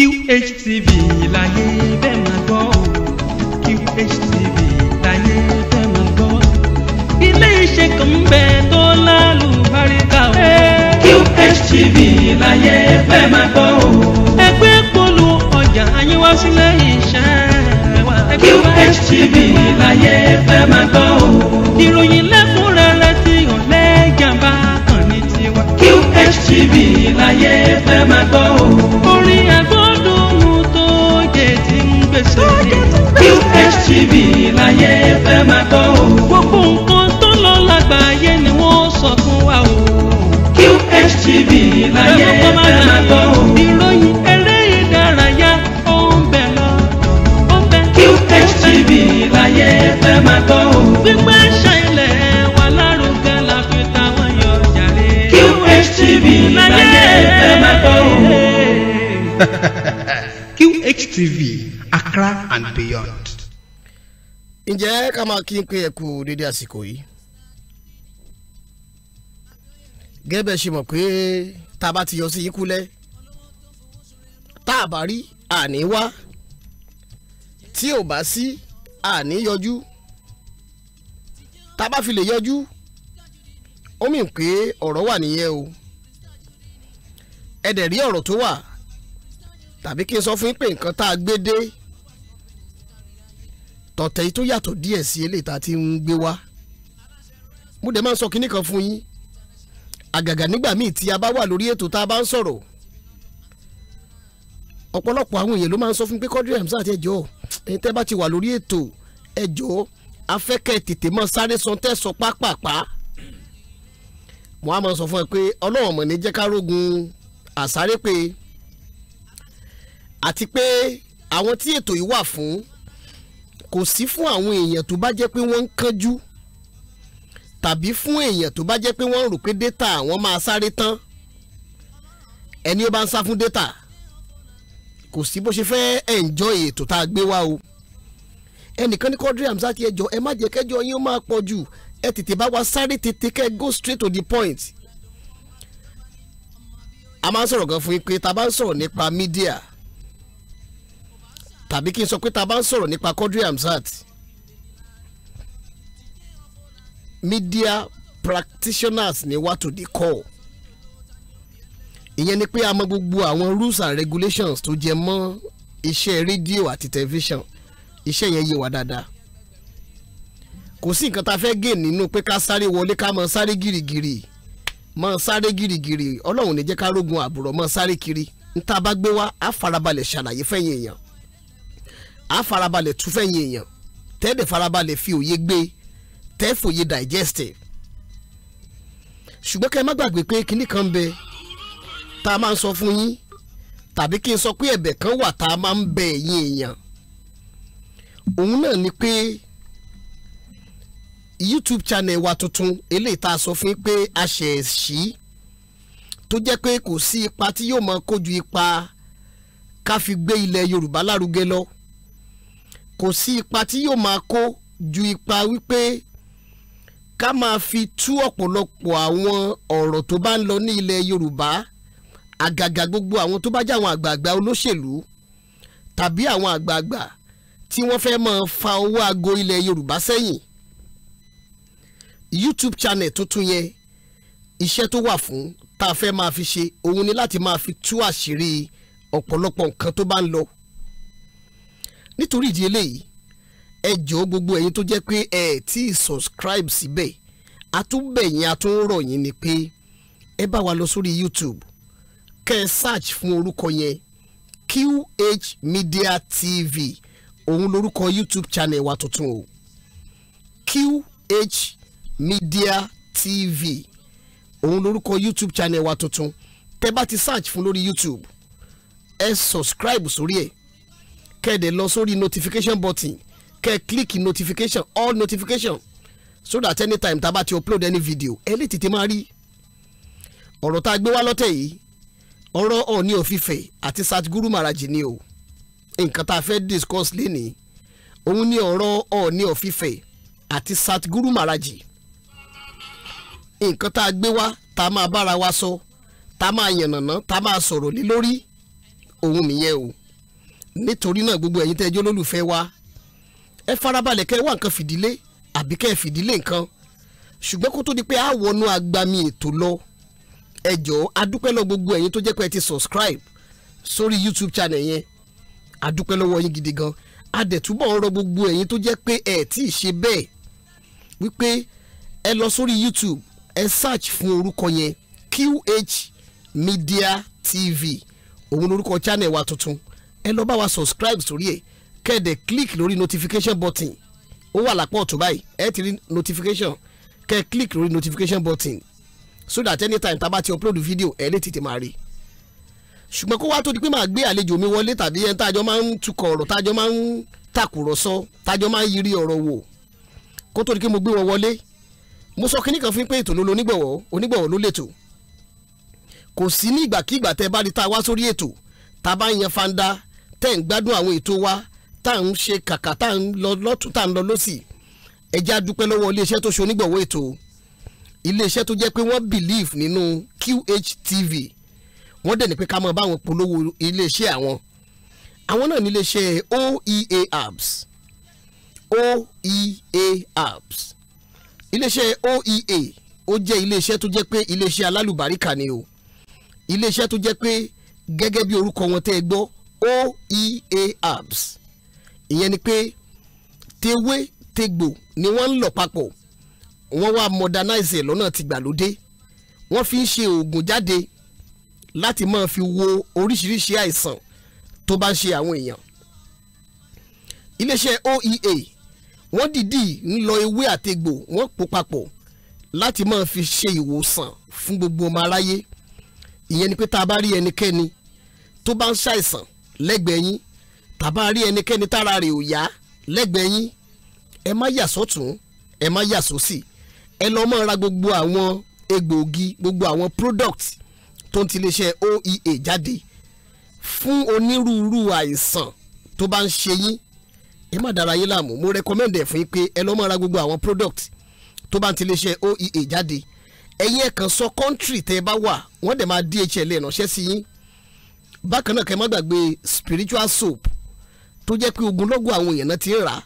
QHTV láyé fẹ́ máa gbọ́ QHTV láyé fẹ́ máa gbọ́ ilé iṣẹ́ kan ń bẹ tó lálùbáríkà o. QHTV láyé fẹ́ máa gbọ́ o. ẹgbẹ́ polu ọjà àyínwá sílẹ̀ iṣẹ́ wa. QHTV láyé fẹ́ máa gbọ́ o. ìròyìn lẹ́kùnrẹ́rẹ́ tí ò lẹ́jàmbá kan ní tiwa. QHTV láyé fẹ́ máa gbọ́ o. Fresh la ye fẹ́ máa gbọ́ o. gbogbo nǹkan tó lọ lágbàáyé ni wọ́n sọ fún wa o. QH TV láyé fẹ́ máa gbọ́ o. ìròyìn eré ìdárayá ó ń bẹ̀ lọ ó ń bẹ̀. QH TV láyé fẹ́ máa gbọ́ o. gbígbé ṣẹlẹ̀ wà lárugẹ la fi táwọn yọ jàre. QH TV láyé fẹ́ máa gbọ́ o. QH TV Accra and beyond ǹjẹ́ ká máa kí n pé ẹ kú dédé àsìkò yìí gẹ́bẹ̀ ṣe mọ̀ pé tá a bá ti yọ sí yín kúlẹ̀ tá a bá rí àní wá tí ò bá sí àní yọjú tá a bá fi lè yọjú ó mì pé ọ̀rọ̀ wà nìyẹn o ẹ dẹ̀ rí ọ̀rọ̀ tó wà tàbí kí n sọ fún yín pé nǹkan tá a gbé dé tọ̀tẹ̀ yìí tó yàtọ̀ díẹ̀ sí eléyìí tá a ti ń gbé wá mo dẹ̀ máa ń sọ kinní kan fún yín àgàgà nígbà míì tí a bá wà lórí ètò tá a bá ń sọ̀rọ̀ ọ̀pọ̀lọpọ̀ àwọn èèyàn ló máa ń sọ fún mi pé Quadri Hamzat ẹjọ́ ẹni tẹ́ bá ti wà lórí ètò ẹjọ́ afẹ́kẹ́ tètè mọ́ sáré san tẹ̀sán pápápá mo á máa sọ fún ẹ pé ọlọ́wọ̀n mọ̀ ní jẹ́ ká rógun àsáré àti pé àwọn tí ètò yìí wà fún kò sí fún àwọn èèyàn tó bá jẹ́ pé wọ́n ń kánjú tàbí fún èèyàn tó bá jẹ́ pé wọ́n rò pé data àwọn máa sáré tán ẹni ó bá ń sá fún data kò sí bó ṣe fẹ́ enjoy ètò tá a gbé wá o ẹnìkan ní Quadri Hamzat ti ẹjọ́ ẹ má jẹ́ kẹ́jọ́ yín ó máa pọ̀ jù ẹ tètè bá wa sáré tètè kẹ́ go straight to the point a máa ń sọ̀rọ̀ gan fún yín pé tá bá ń sọ̀rọ̀ nípa mídíà tàbí kí n sọ pé tá bá ń sọ̀rọ̀ nípa Quadri Hamzat media practitioners ni wá to the call ìyẹn ni pé a mọ gbogbo àwọn rules and regulations tó jẹ mọ́ iṣẹ́ rédíò àti tẹlifíṣàn iṣẹ́ yẹn yé wa dáadáa kò sí nǹkan tá a fẹ́ gé nínú pé ká sáré wọlé ká mọ sáré gìrìgìrì mọ sáré gìrìgìrì ọlọ́run ní jẹ́ ká rógun àbùrọ̀ mọ sáré kiri níta bá gbé wá á farabalẹ̀ ṣàlàyé fẹ́yìn èèyàn á farabalẹ̀ tún fẹ̀yìn èèyàn tẹ́ẹ̀dẹ̀ farabalẹ̀ fi òye gbé tẹ́ẹ̀fòye digest ṣùgbọ́n kẹ́ ẹ má gbàgbé pé kinní kan bẹ tá a máa ń sọ fún yín tàbí kí n sọ pé ẹ̀bẹ̀ kan wà tá a máa ń bẹ ẹ̀yin èèyàn òun náà ni pé YouTube channel wa tuntun eléyìí tá a sọ fún yín pé a ṣẹ̀ ṣí tó jẹ́ pé kò sí ipa tí yóò máa kó ipa ká fi gbé ilẹ̀ Yorùbá lárugẹ lọ kò sí ipa tí yóò máa kó ju ipa wípé ká máa fi tú ọ̀pọ̀lọpọ̀ àwọn ọ̀rọ̀ tó bá ń lọ ní ilẹ̀ Yorùbá àgàgà gbogbo àwọn tó bá jẹ́ àwọn àgbààgbà olóṣèlú tàbí àwọn àgbààgbà tí wọ́n fẹ́ máa fa owó aago ilẹ̀ Yorùbá sẹ́yìn YouTube channel tuntun yẹn iṣẹ́ tó wà fún tá a fẹ́ máa fi ṣe òun ni láti máa fi tú àṣírí ọ̀pọ̀lọpọ̀ nǹkan tó bá ń lọ nítorí ìdí eléyìí ẹ jọ̀ọ́ gbogbo ẹ̀yin tó jẹ́ pé ẹ ti subscribe síbẹ̀ àtúbẹ̀yìn àtúnrọ̀ yín ni pé ẹ bá wa lọ sórí YouTube kẹ́ ẹ search fún orúkọ yẹn QH Media TV òun lórúkọ YouTube channel wa tuntun o QH Media TV òun lórúkọ YouTube channel wa tuntun tẹ́ bá ti search fún lórí YouTube ẹ subscribe sórí ẹ̀ kẹ́ẹ̀dẹ̀ lọ sórí notification button kẹ́ẹ̀ click notification all notification so that anytime taba a ti upload any video ẹ lè tètè máa rí ọ̀rọ̀ tá a gbé wá lọ́tẹ̀ yìí ọ̀rọ̀ Ọọ̀ni of Ife àti Satguru Maraj ni o nǹkan tá a fẹ́ discuss lénìí òun ni ọ̀rọ̀ Ọọ̀ni of Ife àti Satguru Maraj nǹkan tá a gbé wá tá a máa bára wa sọ tá a máa yànnàná tá a máa sọ̀rọ̀ lé lórí òun nìyẹn o nítorí náà gbogbo ẹ̀yin tẹ́jọ́ lólùfẹ́ wa ẹ farabalẹ̀ kẹ́ ẹ wá nǹkan fìdílé àbí kẹ́ ẹ fìdílé nǹkan ṣùgbọ́n kó tó di pé a wọnú agbami ètò lọ ẹ jọ̀ọ́ adúpẹ́ lọ gbogbo ẹ̀yin tó jẹ́ pé ẹ ti subscribe sórí YouTube channel yẹn adúpẹ́ lọ́wọ́ yín gidi gan adẹ̀túbọ̀ ń rọ gbogbo ẹ̀yin tó jẹ́ pé ẹ tí ì ṣe bẹ́ẹ̀ wípé ẹ lọ sórí YouTube ẹ search fún orúkọ yẹn QH Media TV òun lorúkọ channel wa tuntun ẹ lọ bá wa subscribe sórí ẹ̀ kẹ́ẹ̀dẹ̀ click lórí notification button ó wà lápá ọ̀tún báyìí ẹ ti rí notification kẹ́ẹ̀ click lórí notification button so that anytime taba ti upload video ẹ lè tètè máa rí i ṣùgbọ́n kó wá tó di pé màá gbé àlejò mi wọlé tàbí ẹni tájọ máa ń tukọ̀ ọ̀rọ̀ tájọ máa ń tàkùrọ̀sọ tájọ máa ń yiri ọ̀rọ̀ wò kó tó di pé mo gbé wọn wọlé mo sọ kínní kan fún pé ètò ló lo onígbọ̀wọ́ onígbọ̀wọ́ ló lètò kò sí ní ìgbàkigbà tẹ́ bá rí ta wá sórí ètò tá a bá ń yan fanda tẹ́ ń gbádùn àwọn ètò wa tá à ń ṣe kàkà tá à ń lọ lọ́tún tá à ń lọ lọ́sì ẹ jẹ́ a dúpẹ́ lọ́wọ́ iléeṣẹ́ tó ṣe onígbọ̀wọ́ ètò iléeṣẹ́ tó jẹ́ pé wọ́n believe nínú QHTV wọ́n dẹ̀ ní pé ká máa bá àwọn polówó iléeṣẹ́ àwọn àwọn náà ní iléeṣẹ́ OEA apps OEA apps iléeṣẹ́ OEA ó jẹ́ iléeṣẹ́ tó jẹ́ pé iléeṣẹ́ alálùbáríkà ni o iléeṣẹ́ tó jẹ́ pé gẹ́gẹ́ bí orúkọ wọn tẹ́ ẹ gbọ́ oea herbs ìyẹn ni pé tewé tegbò ni wọ́n ń lọ papọ̀ wọ́n wá modernize ẹ̀ lọ́nà tìgbàlódé wọ́n fi ń ṣe oògùn jáde láti máa fi wo oríṣiríṣi àìsàn tó bá ń ṣe àwọn èèyàn iléeṣẹ́ oea wọ́n dìídì ń lọ ewé àtegbò wọ́n pò papọ̀ láti máa fi ṣe ìwòsàn fún gbogbo ọmọ aráyé ìyẹn ni pé tá a bá rí ẹnikẹ́ni tó bá ń ṣàìsàn lẹ́gbẹ̀ẹ́ yín tàbá rí ẹnikẹ́ni tára rẹ̀ ò yá lẹ́gbẹ̀ẹ́ yín ẹ má yà sọ́tún ẹ má yà sósì ẹ lọ́ mọ́ ra gbogbo àwọn egbòogi gbogbo àwọn product tó ń ti iléeṣẹ́ OEA jáde fún onírúurú àìsàn tó bá ń ṣe yín ẹ má dára yín láàmú mo recommend ẹ fún yín pé ẹ lọ́ mọ́ ra gbogbo àwọn product tó bá ń ti iléeṣẹ́ OEA jáde ẹ̀yin ẹ̀ kàn sọ country tẹ́ ẹ bá wà wọ́n dẹ̀ máa DHL ẹ̀ ránṣẹ́ sí yín bákan náà kẹ́ má gbàgbé spiritual soap tó jẹ́ pé ogunlọ́gọ̀ àwọn èèyàn náà ti ń rà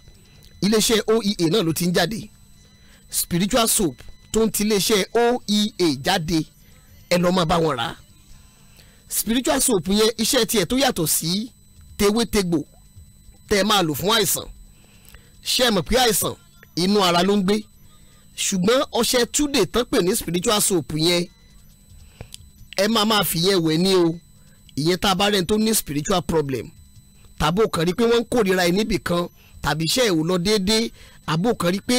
iléeṣẹ́ oea náà ló ti ń jáde spiritual soap tó ń ti iléeṣẹ́ oea jáde ẹ lọ́ọ́ máa bá wọn rà spiritual soap yẹn iṣẹ́ tiẹ̀ tó yàtọ̀ sí tewétegbò tẹ́ ẹ máa lò fún àìsàn ṣé ẹ mọ̀ pé àìsàn inú ara ló ń gbé ṣùgbọ́n ọṣẹ túdè tán pè ní spiritual soap yẹn ẹ máa máa fi yẹn wẹ̀ ní o ìyẹn tá a bá rẹ̀ tó ní spiritual problem tàbó kan rí pé wọ́n ń kórira ẹ̀ níbì kan tàbí iṣẹ́ ẹ̀ ò lọ déédéé àbó kan rí pé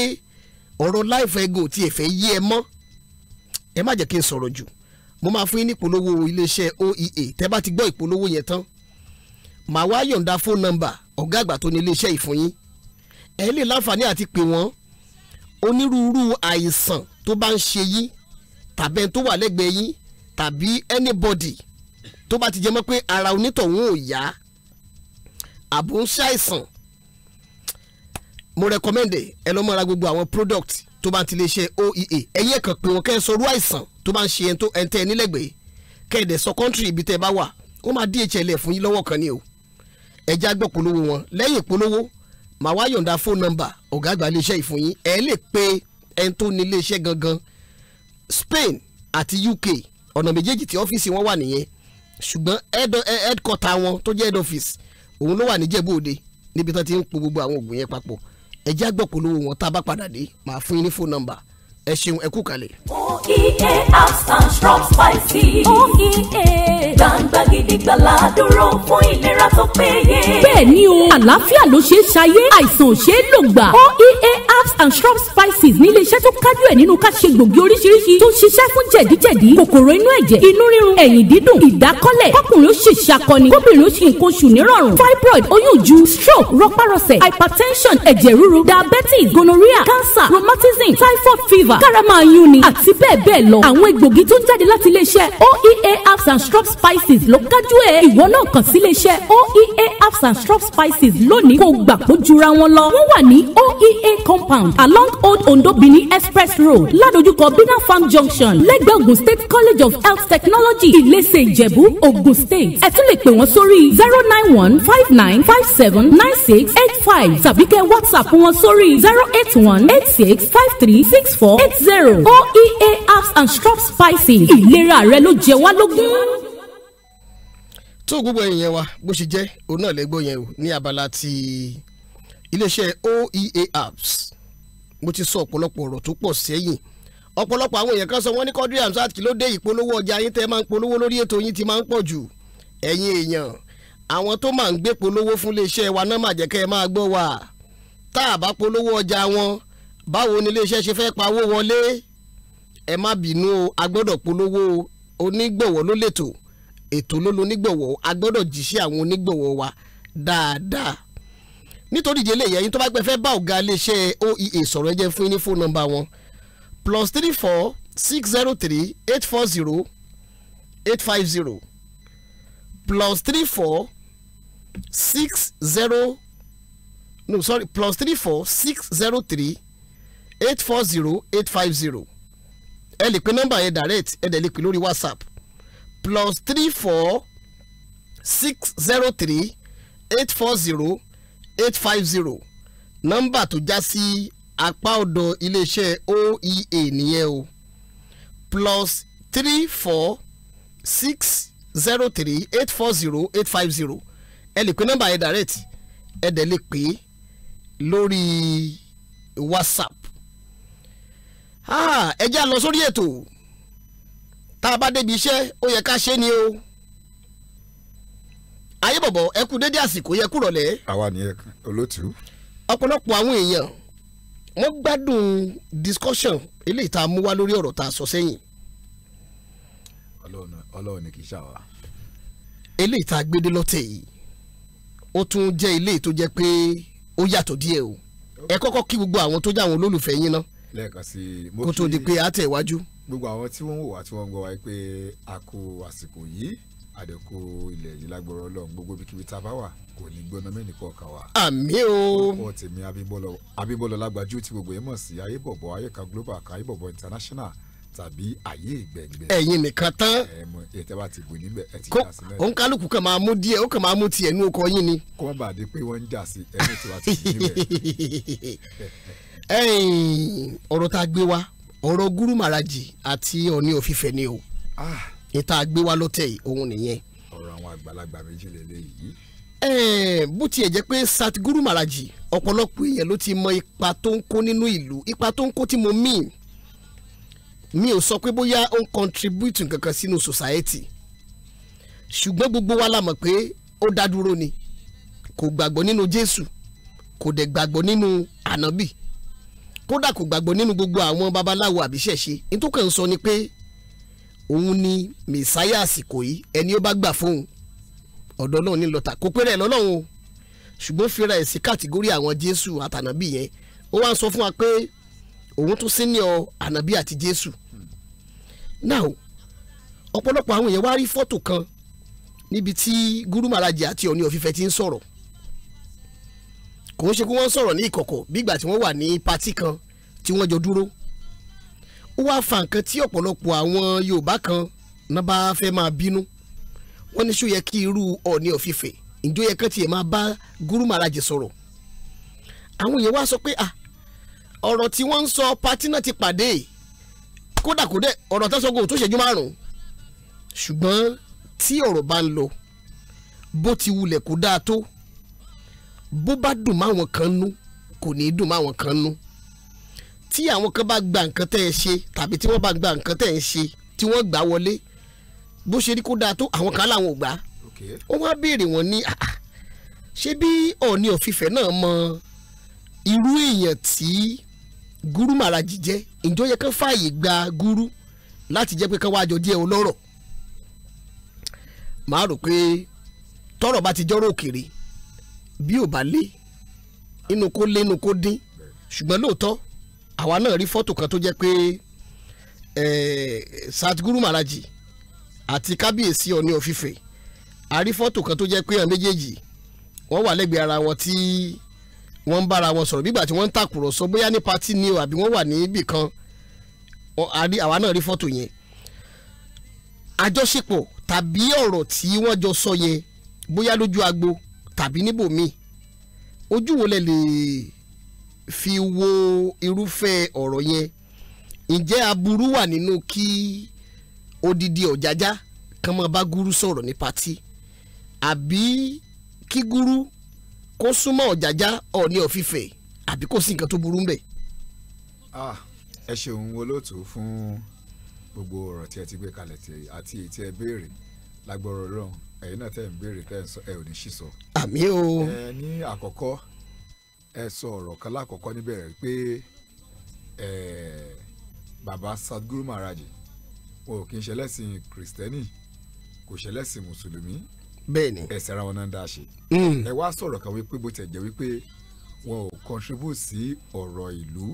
ọ̀rọ̀ láìfẹ́ egun ò tiẹ̀ fẹ́ yé ẹ mọ́ ẹ má jẹ́ kí n sọ̀rọ̀ jù mo máa fún yín ní ìpolówó iléeṣẹ́ oea tẹ́ bá ti gbọ́ ìpolówó yẹn tán màá wá yọ̀ǹda fóònù nọ́mbà ọ̀gá àgbà tó ní iléeṣẹ́ ìfún yín ẹ lè láǹfààní àti pè wọ́n onírúurú àìsàn tó bá ń ṣe yín tàbí ẹni tó wà lẹ́gbẹ̀ẹ́ yín tàbí anybody 0244 tó bá ti jẹ mọ́ pé ara onítọ̀hún ò yá àbò ń ṣàìsàn mo recommend ẹ ẹ lọ́ mọ́ra gbogbo àwọn product tó bá ti lè ṣe oea ẹ̀yẹ́ kan pé wọ́n kẹ́ ẹ sọ àìsàn tó bá ń ṣe ẹni tó nílẹ̀gbẹ̀ẹ́ kẹ́ sọ country ibi tẹ́ ẹ bá wà wọ́n máa DHL fún yín lọ́wọ́ kan ni o ẹja gbọ́ polówó wọn lẹ́yìn polówó màá wá yọ̀ǹda phone number ọ̀gá àgbà iléeṣẹ́ ìfún yín ẹ lè pe ẹni ní iléeṣẹ́ gangan Spain àti UK ọ̀nà méjèèjì tí ọ́fíìsì wọn wà nìyẹn 0244 ṣùgbọ́n headquarter wọn tó jẹ́ head office òun ló wà ní Jẹ̀bú Òde níbi tán ti ń po gbogbo àwọn oògùn yẹn papọ̀ ẹ já wọn tá a bá padà dé màá fún yín ní phone number ẹ ṣeun ẹ kú kalẹ̀. oea herbs and shrub spices. oea. gbangba gidigba la dúró fún ìlera tó péye. bẹ́ẹ̀ o àlàáfíà ló ṣe é ṣayé àìsàn ò ṣe é lò gbà herbs and shrub spices ní iléeṣẹ́ tó kájú ẹ̀ nínú ká ṣe gbòógì oríṣiríṣi tó ń ṣiṣẹ́ fún jẹ̀díjẹ̀dí kòkòrò inú ẹ̀jẹ̀ inú rírun ẹ̀yìn dídùn ìdákọ́lẹ̀ kọkùnrin ó ṣe ṣàkọni kóbìnrin ó ṣe nǹkan oṣù nírọ̀rùn fibroid oyún ju stroke rọpárọsẹ̀ hypertension ẹ̀jẹ̀ ruru, diabetes gonorrhea cancer rheumatism typhoid fever karama yunni àti bẹ́ẹ̀ bẹ́ẹ̀ lọ àwọn egbògi tó ń jáde láti iléeṣẹ́ oea herbs and shrub spices ló kájú ẹ̀ ìwọ náà kàn sí iléeṣẹ́ oea herbs and shrub spices lónìí kó gbà kó jura wọn lọ wọ́n wà ní oea compound compound along old ondo express road ládojúkọ bina farm junction lẹ́gbẹ̀ẹ́ ogun state college of health technology ilese ìjẹ̀bú ogun state ẹ tún sórí zero nine one five nine five seven nine six eight five tàbí kẹ́ whatsapp wọn sórí zero eight one eight six five three six four eight zero oea apps and strop spices ìlera rẹ ló jẹ wá lógún tó gbogbo ẹ̀yìn yẹn wa bó ṣe jẹ́ òun náà lẹ́gbọ́ yẹn o ní abala ti iléeṣẹ́ oea apps mo ti sọ ọ̀pọ̀lọpọ̀ ọ̀rọ̀ tó pọ̀ sẹ́yìn ọ̀pọ̀lọpọ̀ àwọn èèyàn kan sọ wọ́n ní Quadri Hamzat kí ló dé ìpolówó ọjà yín tẹ́ máa ń polówó lórí ètò yín ti máa ń pọ̀ jù ẹ̀yin èèyàn àwọn tó máa ń gbé polówó fún iléeṣẹ́ wa náà màjẹ́ kẹ́ ẹ máa gbọ́ wa tá a bá polówó ọjà wọn báwo ni iléeṣẹ́ ṣe fẹ́ pawó wọlé ẹ má bínú o a gbọ́dọ̀ polówó onígbọ̀wọ́ ló lètò ètò ló lo onígbọ̀wọ́ a gbọ́dọ̀ jíṣẹ́ àwọn onígbọ̀wọ́ wa dáadáa nítorí ìdí eléyìí ẹ̀yin tó bá gbẹ fẹ́ bá ọ̀gá iléeṣẹ́ oea sọ̀rọ̀ ẹ fún yín ní fóònù nọ́mbà wọn plus three four six zero three eight four zero eight five zero plus three four six zero no sorry plus three four six zero three eight four zero eight five zero ẹ lè pe nọ́mbà yẹn direct ẹ dẹ̀ lè pè lórí whatsapp plus three four six zero three eight four zero eight five zero nọ́mbà tó já sí apá ọ̀dọ̀ iléeṣẹ́ oea nìyẹn o plus three four six zero three eight four zero eight five zero ẹ lè pe nọ́mbà yẹn direct ẹ dẹ̀ lè pè lórí whatsapp ah, ẹ já lọ sórí ètò tá a bá débi iṣẹ́ ó yẹ ká ṣe ni o ayébọ̀bọ̀ ẹ kú dédé àsìkò yẹ kú rọ̀lẹ́. àwa ni olótìú. ọ̀pọ̀lọpọ̀ àwọn èèyàn wọ́n gbádùn discussion eléyìí tá a mú wá lórí ọ̀rọ̀ tá a sọ sẹ́yìn. ọlọ́run ni kì í ṣàwà. eléyìí tá a gbédé lọ́tẹ̀ yìí ó tún jẹ́ eléyìí tó jẹ́ pé ó yàtọ̀ díẹ̀ o ẹ kọ́kọ́ kí gbogbo àwọn tó jẹ́ àwọn olólùfẹ́ yín ná kó tó di pé a tẹ̀ wájú. gbogbo àwọn tí wọ́n wò wá tí wọ́n gbọ́ wá pé a kú àsìkò yìí àdẹ̀kù ilẹ̀ yìí lágbára ọlọ́run gbogbo ibikíbi tá bá wà kò ní gbóná mẹ́ni kọ̀ọ̀kan wa. àmì o. orúkọ tèmi abímbọ́lọ̀ lágbájú tí gbogbo yẹn mọ̀ sí ayébọ̀bọ̀ ayéka global kan ayébọ̀bọ̀ international tàbí ayé ìgbẹ̀ngbẹ̀. ẹ̀yin nìkan tán. ẹ mọ ètò bá ti gùn níbẹ̀ ẹ ti já sí náà. òǹkálùkù kan máa mú díẹ̀ ó kàn máa mú tiẹ̀ ní okọ yín ni. kọ́ bá a di pé wọ́n ń jà sí ẹni tí wàá ti gùn níbẹ̀. ọ̀rọ̀ tá a gbé wa ọ̀rọ̀ gúrú màràjì àti ọ̀ní òfìfẹ́ ni o. ah ìta gbéwá lọ́tẹ̀ yìí òun nìyẹn. ọ̀rọ̀ àwọn àgbàlagbà méjì lélẹ́yìí. ẹ̀ẹ́n bó tiẹ̀ jẹ́ pé Satguru Maraji ọ̀pọ̀lọpọ̀ èèyàn ló ti mọ ipa tó ń kó nínú ìlú ipa tó ń kó tí mo mean mi ò sọ pé bóyá ó ń contribute nǹkankan sínú society ṣùgbọ́n gbogbo wa la mọ̀ pé ó dá dúró ni kò gbàgbọ́ nínú Jésù kò dẹ̀ gbàgbọ́ nínú ànábì kódà kò gbàgbọ́ nínú gbogbo àwọn babaláwo àbíṣẹ̀ṣe nítorí kan sọ ni pé òun ni mẹsáyà àsìkò yìí ẹni ó bá gbà fóun ọ̀dọ̀ náà ní lọ́ta kò péré lọ́lọ́run o ṣùgbọ́n fira ẹ̀ sí kàtígórì àwọn jésù àtànàbí yẹn ó wá ń sọ fún wa pé òun tún senior ànàbí àti jésù now ọ̀pọ̀lọpọ̀ àwọn èèyàn wá rí fọ́tò kan níbi tí gúrú màràjì àti ọ̀ní ọ̀fífẹ́ ti ń sọ̀rọ̀ kò ń ṣe kí wọ́n sọ̀rọ̀ ní ìkọ̀kọ̀ bí ìgbà tí wọ́n wà ní patí kan tí wọ́n jọ dúró ó wáá fa nǹkan tí ọ̀pọ̀lọpọ̀ àwọn Yorùbá kan náà bá fẹ́ máa bínú wọ́n ní ṣó yẹ kí irú Ọọ̀ni of ìjọ yẹ kán tiẹ̀ máa bá Guru Maharaj sọ̀rọ̀ àwọn èèyàn wá sọ pé ah ọ̀rọ̀ tí wọ́n ń sọ pati náà ti pàdé kódà kódà ọ̀rọ̀ tó ń sọ kò tó ṣẹ́jú márùn-ún ṣùgbọ́n tí ọ̀rọ̀ bá ń lọ bó ti wulẹ̀ kó dáa tó bó bá dùn máwọn kan nú kò ní dùn máwọn kan nú tí àwọn kan bá gba nǹkan tẹ́ ẹ ṣe tàbí tí wọ́n bá gba nǹkan tẹ́ ẹ ṣe tí wọ́n gbà wọlé bó ṣe ní kó dáa tó àwọn kan làwọn ò gbà wọ́n wá béèrè wọn ní ah, ah, ṣé bí Ọọ̀ni of Ifẹ̀ náà mọ irú èèyàn tí Gúrú Màràjì jẹ́ ǹjọ́ yẹ kán fààyè gba Gúrú láti jẹ́ pé kán wáá jọ jẹ́ ọlọ́rọ̀ rò pé tọ́rọ̀ bá ti jọ́rọ̀ òkèrè bí ò bá lé inú kó lé inú kó dín ṣùgbọ́n lóòótọ́ àwa náà rí fọ́tò kan tó jẹ́ pé Satguru Maraji àti kábíyèsí Ọọ̀ni of Ife a rí fọ́tò kan tó jẹ́ pé àwọn méjèèjì wọ́n wà lẹ́gbẹ̀ẹ́ ara wọn tí wọ́n ń bára wọn sọ̀rọ̀ bígbà tí wọ́n ń tàkùrọ̀sọ bóyá ní patí ni o àbí wọ́n wà níbì kan àwa náà rí fọ́tò yẹn àjọṣepọ̀ tàbí ọ̀rọ̀ tí wọ́n jọ sọ yẹn bóyá lójú agbo tàbí níbòmíì ojú wo lẹ lè. Le fi wo irúfẹ́ ọ̀rọ̀ yẹn ǹjẹ́ aburú wà nínú kí odidi ọ̀jájá kan máa bá gúrú sọ̀rọ̀ ní patí àbí kí gúrú kó súnmọ́ ọ̀jájá ọ̀ní ọ̀fífẹ́ àbí kò sí nǹkan tó burú ńbẹ̀. Ah, ẹ ṣeun olóòtú fún gbogbo ọ̀rọ̀ tí ẹ ti gbé kalẹ̀ àti èyí tí ẹ béèrè lágbọ́rọ̀ ọlọ́run ẹ̀yin náà tẹ̀ ń béèrè tẹ̀ ń sọ ẹ ò ní ṣì sọ. àmì o. ẹ ní àkọ́kọ́ ẹ sọ ọ̀rọ̀ kan lákọ̀ọ́kọ́ níbẹ̀rẹ̀ pé bàbá Sadhguru Maharaj wọn ò kí n ṣẹlẹ́sìn kìrìsìtẹ́nì kò ṣẹlẹ́sìn mùsùlùmí bẹ́ẹ̀ni ẹ̀sẹ̀ ara wọn náà ń dá ṣe. Mm. ẹ wá sọ̀rọ̀ kan wípé bó tẹ̀ jẹ́ wípé wọn ò contribute sí ọ̀rọ̀ ìlú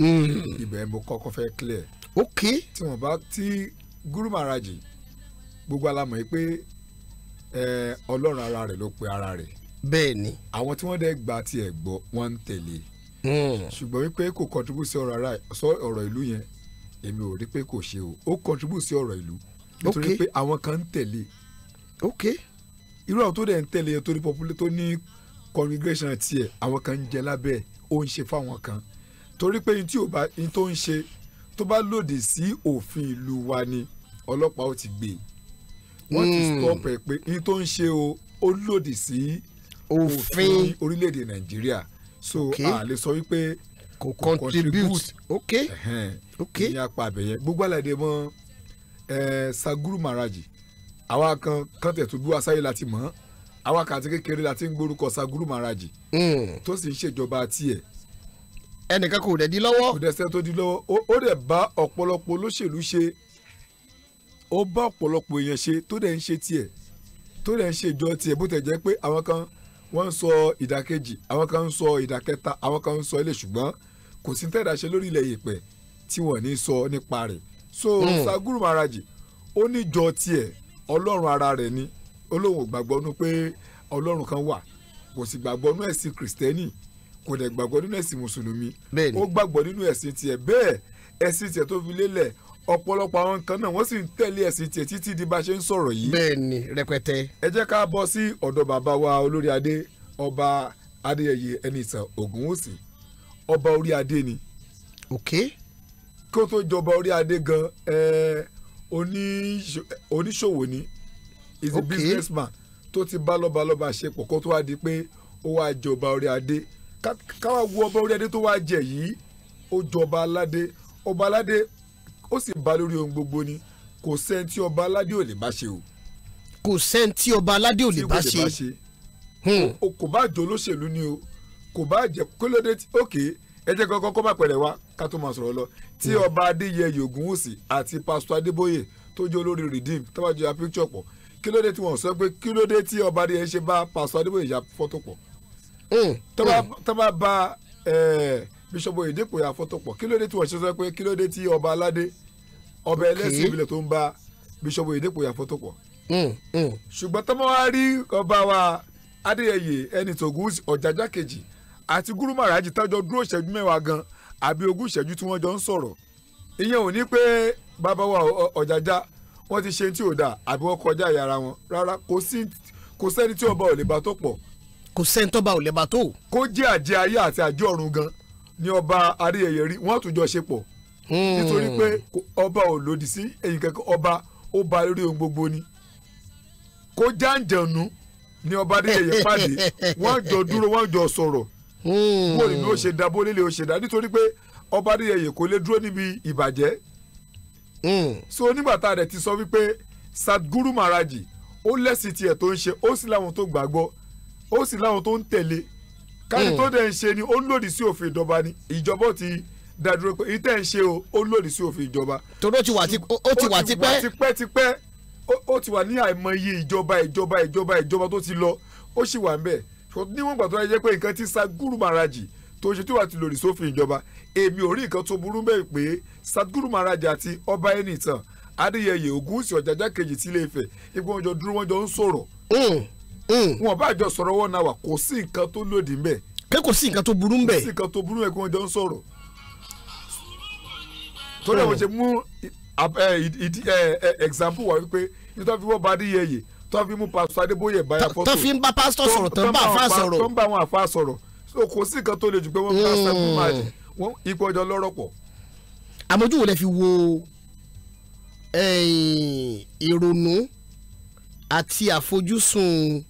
mm. ibẹ̀ mo kọ́kọ́ fẹ́ clear. ok tí wọ́n bá ti Guru Maharaj gbogbo alamọ̀ yìí pé ọlọ́run ara rẹ̀ ló pe ara rẹ̀ bẹ́ẹ̀ ni. àwọn tí wọ́n dẹ̀ gba tiẹ̀ gbọ́ wọ́n ń tẹ̀lé hmm. ṣùgbọ́n wípé kò contribute sí ọ̀rọ̀ ìlú yẹn èmi ò rí pé kò ṣe o ó contribute sí ọ̀rọ̀ ìlú nítorí pé àwọn kan ń tẹ̀lé irú àwọn tó dẹ̀ ń tẹ̀lé yẹn torí population tó ní congregation tiẹ̀ àwọn kan ń jẹ lábẹ́ ẹ̀ ó ń ṣe fáwọn kan torí pé n tí ò bá n tó ń ṣe tó bá lòdì sí òfin ìlú wa ni ọlọ́pàá ó ti gbé wọ́n ti hmm. stop ẹ̀ pé n ń ṣe o ó lòdì sí òfin orílẹ̀-èdè nàìjíríà so a lè sọ wípé kò contribute ok ok ní apá abẹ́yẹ gbogbo àlàyé mọ́ Saguru Maraji àwa kan kan tẹ̀ tó bí wá sáyé láti mọ̀ àwa kan àti kékeré láti ń gbórúkọ Saguru Maraji hmm. tó sì ń ṣèjọba tiẹ̀ ẹnìkan kò dẹ̀ di lọ́wọ́. kò dẹ̀ sẹ́ tó di lọ́wọ́ ó dẹ̀ bá ọ̀pọ̀lọpọ̀ olóṣèlú ṣe ó bá ọ̀pọ̀lọpọ̀ èèyàn ṣe tó dẹ̀ ń ṣe tiẹ̀ tó dẹ̀ ń ṣe ìjọ tiẹ̀ bó tẹ̀ jẹ́ pé àwọn kan wọ́n ń sọ ìdàkejì àwọn kan ń sọ ìdàkẹta àwọn kan ń sọ ilé ṣùgbọ́n kò sí tẹ̀dá ṣe lórí tí wọ́n ní sọ nípa rẹ̀ so mm. Saguru Maraji ó níjọ tiẹ̀ ọlọ́run ara rẹ̀ ni olóhùn gbàgbọ́ nú pé ọlọ́run kan wà kò sì gbàgbọ́ nú ẹ̀sìn kìrìsìtẹ́nì kò dẹ̀ gbàgbọ́ nínú ẹ̀sìn mùsùlùmí ó gbàgbọ́ nínú ẹ̀sìn tiẹ̀ bẹ́ẹ̀ ẹ̀sìn tiẹ̀ tó fi lélẹ̀ ọ̀pọ̀lọpọ̀ àwọn nǹkan náà wọ́n sì ń tẹ̀lé ẹ̀sìn tiẹ̀ títí di bá a ṣe ń sọ̀rọ̀ yìí. bẹ́ẹ̀ni rẹpẹtẹ. ẹ jẹ́ ká bọ́ sí ọ̀dọ̀ bàbá wa olórí adé ọba adéyẹyẹ ẹnìtàn ògúnwùsì ọba orí adé ni. ok. kí o tó jọba orí adé gan ẹ oníṣòwò ni is a businessman tó ti bá lọ́balọ́ba ṣepọ̀ kó tó wá di pé ó wá jọba orí adé káwá wo ọba orí adé tó wá jẹ yìí ó jọba aládé ọba aládé ó sì bá lórí ohun gbogbo ni kò sẹ́ni tí ọba aládé ò lè bá ṣe o. kò sẹ́ni tí ọba aládé ò lè bá ṣe. Hmm. o kò bá jọ olóṣèlú ni o kò bá jẹ kólódé tí òkè ẹ jẹ́ kankan kó má pẹ̀lẹ́ wá ká tó máa sọ̀rọ̀ lọ tí hmm. ọba adéyẹyè ògúnwùsì àti pásítọ̀ adébóyè tó jẹ́ olórí redeem tó ya picture pọ̀ kí ló dé tí wọ́n sọ pé kí ló dé tí ọba adéyẹyè ṣe bá pásítọ̀ adébóyè ya fọ́tò pọ̀. Hmm. tó bá bá eh, Bishop Oyèdè kò yà fọ́tò pọ̀ kí ló dé tí wọ́n ṣe sọ pé kí ló dé tí ọba aládé ọba ẹlẹ́sìn ìbílẹ̀ tó ń bá Bishop Oyèdè kò mm, mm. ṣùgbọ́n tọ́mọ́ wa rí ọba wa Adéyẹyè ẹni tògùn Ọ̀jájá kejì àti Gúrú Màràjì tájọ dúró ìṣẹ́jú mẹ́wàá gan àbí ogún ìṣẹ́jú tí wọ́n jọ ń sọ̀rọ̀ ìyẹn ò ní pé bàbá wa Ọ̀jájá wọ́n ti ṣe tí ò dáa àbí wọ́n kọjá ìyàrá wọn rárá kò sẹ́ni tí ọba ò lè bá tó pọ̀. kò sẹ́ni tọ́ba ò lè bá tó. kó jẹ́ àjẹ ayé àti àjẹ ọ̀run gan Ni ọba Aríyẹyẹ rí wọ́n tún jọ ṣe pọ̀ hmm. nítorí pé ọba ò lòdì sí èyí kankan ọba ó ba lórí ohun gbogbo ni kó jáǹjànú ní ọba Aríyẹyẹ pàdé wọ́n jọ dúró wọ́n jọ sọ̀rọ̀ hmm. bó ni ó ṣe dá bó lélẹ̀ ó ṣe dá nítorí pé ọba Aríyẹyẹ kò lè dúró níbi ìbàjẹ́ hmm. so nígbà tá a rẹ̀ ti sọ wípé Sadguru Maharaji ó lẹ́sìn tiẹ̀ tó ń ṣe ó sì láwọn tó gbàgbọ́ ó sì láwọn tó ń tẹ̀lé káàdì eh. tó dẹ̀ ń ṣe ni ó lòdì sí òfin ìjọba ni ìjọba ti dá dúró pé ìtẹ̀ ń ṣe o ó lòdì sí òfin ìjọba. torí ó ti wà tipẹ́ tipẹ́ ó ti wà ní àìmọye ìjọba ìjọba ìjọba ìjọba tó ti lọ ó sì wà ń níwọ̀n gbà tó yẹ pé nǹkan ti Saguru Maraji tó ṣe tí wàá ti lòdì sófin ìjọba èmi ò rí nǹkan tó burú bẹ́ẹ̀ pé Sadguru Maraji àti ọba ẹnìtàn Adéyẹyè Ògúnwùsì Ọ̀jájá kejì tí Ilé Ifẹ̀ ipò wọn jọ dúró wọn jọ ń sọ̀rọ̀ mm. Hmm. wọn bá jọ sọ̀rọ̀ wọn náà wà kò sí nǹkan tó lòdì ńbẹ̀. pé kò sí nǹkan tó burú ńbẹ̀. kò sí nǹkan tó burú ńbẹ̀ kí wọ́n jọ ń sọ̀rọ̀. torí àwọn ṣe mú eh, eh, eh, example wà wípé nítorí wọ́n bá díyẹ yìí tó fi mú pásítọ̀ adébóyè báyà fọ́tò tó fi ń bá pásítọ̀ sọ̀rọ̀ tó ń bá àfa sọ̀rọ̀ tó ń bá àwọn àfa sọ̀rọ̀ so kò sí nǹkan tó le jù pé wọ́n bá sẹ́kù máa jẹ wọ́n ipò ọjọ́ lọ́rọ̀ pọ̀. àmójú wo lẹ fi wo ìrònú àti àfojúsùn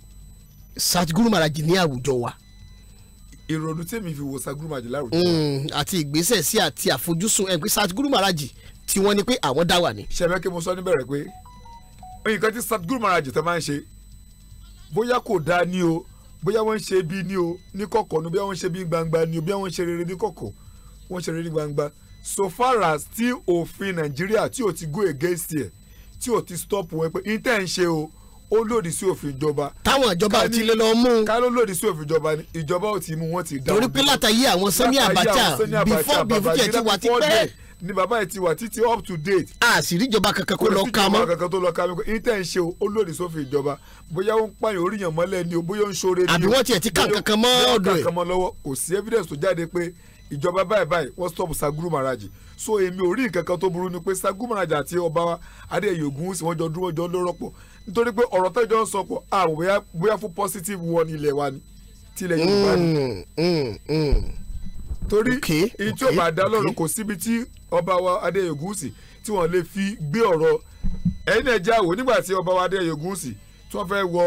Sajguru Maraji ní àwùjọ wa. ìrònú tèmi fi wo Sajguru Maraji láwùjọ. Mm, àti ìgbésẹ̀ sí àti àfojúsùn ẹ̀ pé Sajguru Maraji tí wọ́n ní pé àwọn dá wà ní. ṣẹ̀fẹ̀ kí mo sọ níbẹ̀rẹ̀ pé nǹkan tí Sajguru Maraji tó máa ń ṣe bóyá kò dáa ní o bóyá wọ́n ń ṣe bí ní o ní kọ̀kọ̀ ní bóyá wọ́n ń ṣe bí gbangba ní o bóyá wọ́n ń ṣe rere ní kọ̀kọ̀ wọ́n ń ṣe rere ní gbangba so far as tí òfin Nàìjíríà tí ò ti go against ẹ̀ tí ò ti stop wọn pé intanet ṣe o ó lòdì sí òfin ìjọba. táwọn ìjọba ò ti lè lọ mú un. ká ló lòdì sí òfin ìjọba ni ìjọba ò ti mú wọn ti dá. torí pé látàyé àwọn Sani Abacha before before jẹ ti wà ti pẹ́. ni bàbá yẹn ti wà títí up to date. a sì rí ìjọba kankan kó lọ ká mọ́. kankan tó lọ ká mi kó intan ṣe o ó lòdì sófin ìjọba bóyá ó ń pààyàn oríyàn mọ́lẹ̀ ni o bóyá ó ń ṣoore ni o. àbí wọ́n tiẹ̀ ti kàn kankan mọ́ ọ̀dọ̀ ẹ̀. kò sí evidence tó jáde pé ìjọba báyìí báyìí wọ́n stop Saguru Maraji so èmi ò rí nǹkan kan tó burú ni pé Saguru Maraji àti ọba Adéyẹyè Ògúnwùsì wọ́n jọ dúró jọ lórọ́pọ̀ nítorí pé ọ̀rọ̀ tẹ́jọ́ ń sọ̀pọ̀ àwọn bóyá bóyá fún positive one ilẹ̀ wa ni tilẹ̀ yorùbá ni mm, mm, mm. torí ìtí ò bá dá lọ́rùn kò síbi tí ọba wa adéyẹ gúúsì tí wọ́n lè fi gbé ọ̀rọ̀ ẹ̀yin náà já wò nígbà tí ọba wa adéyẹ gúúsì tí wọ́n fẹ́ wọ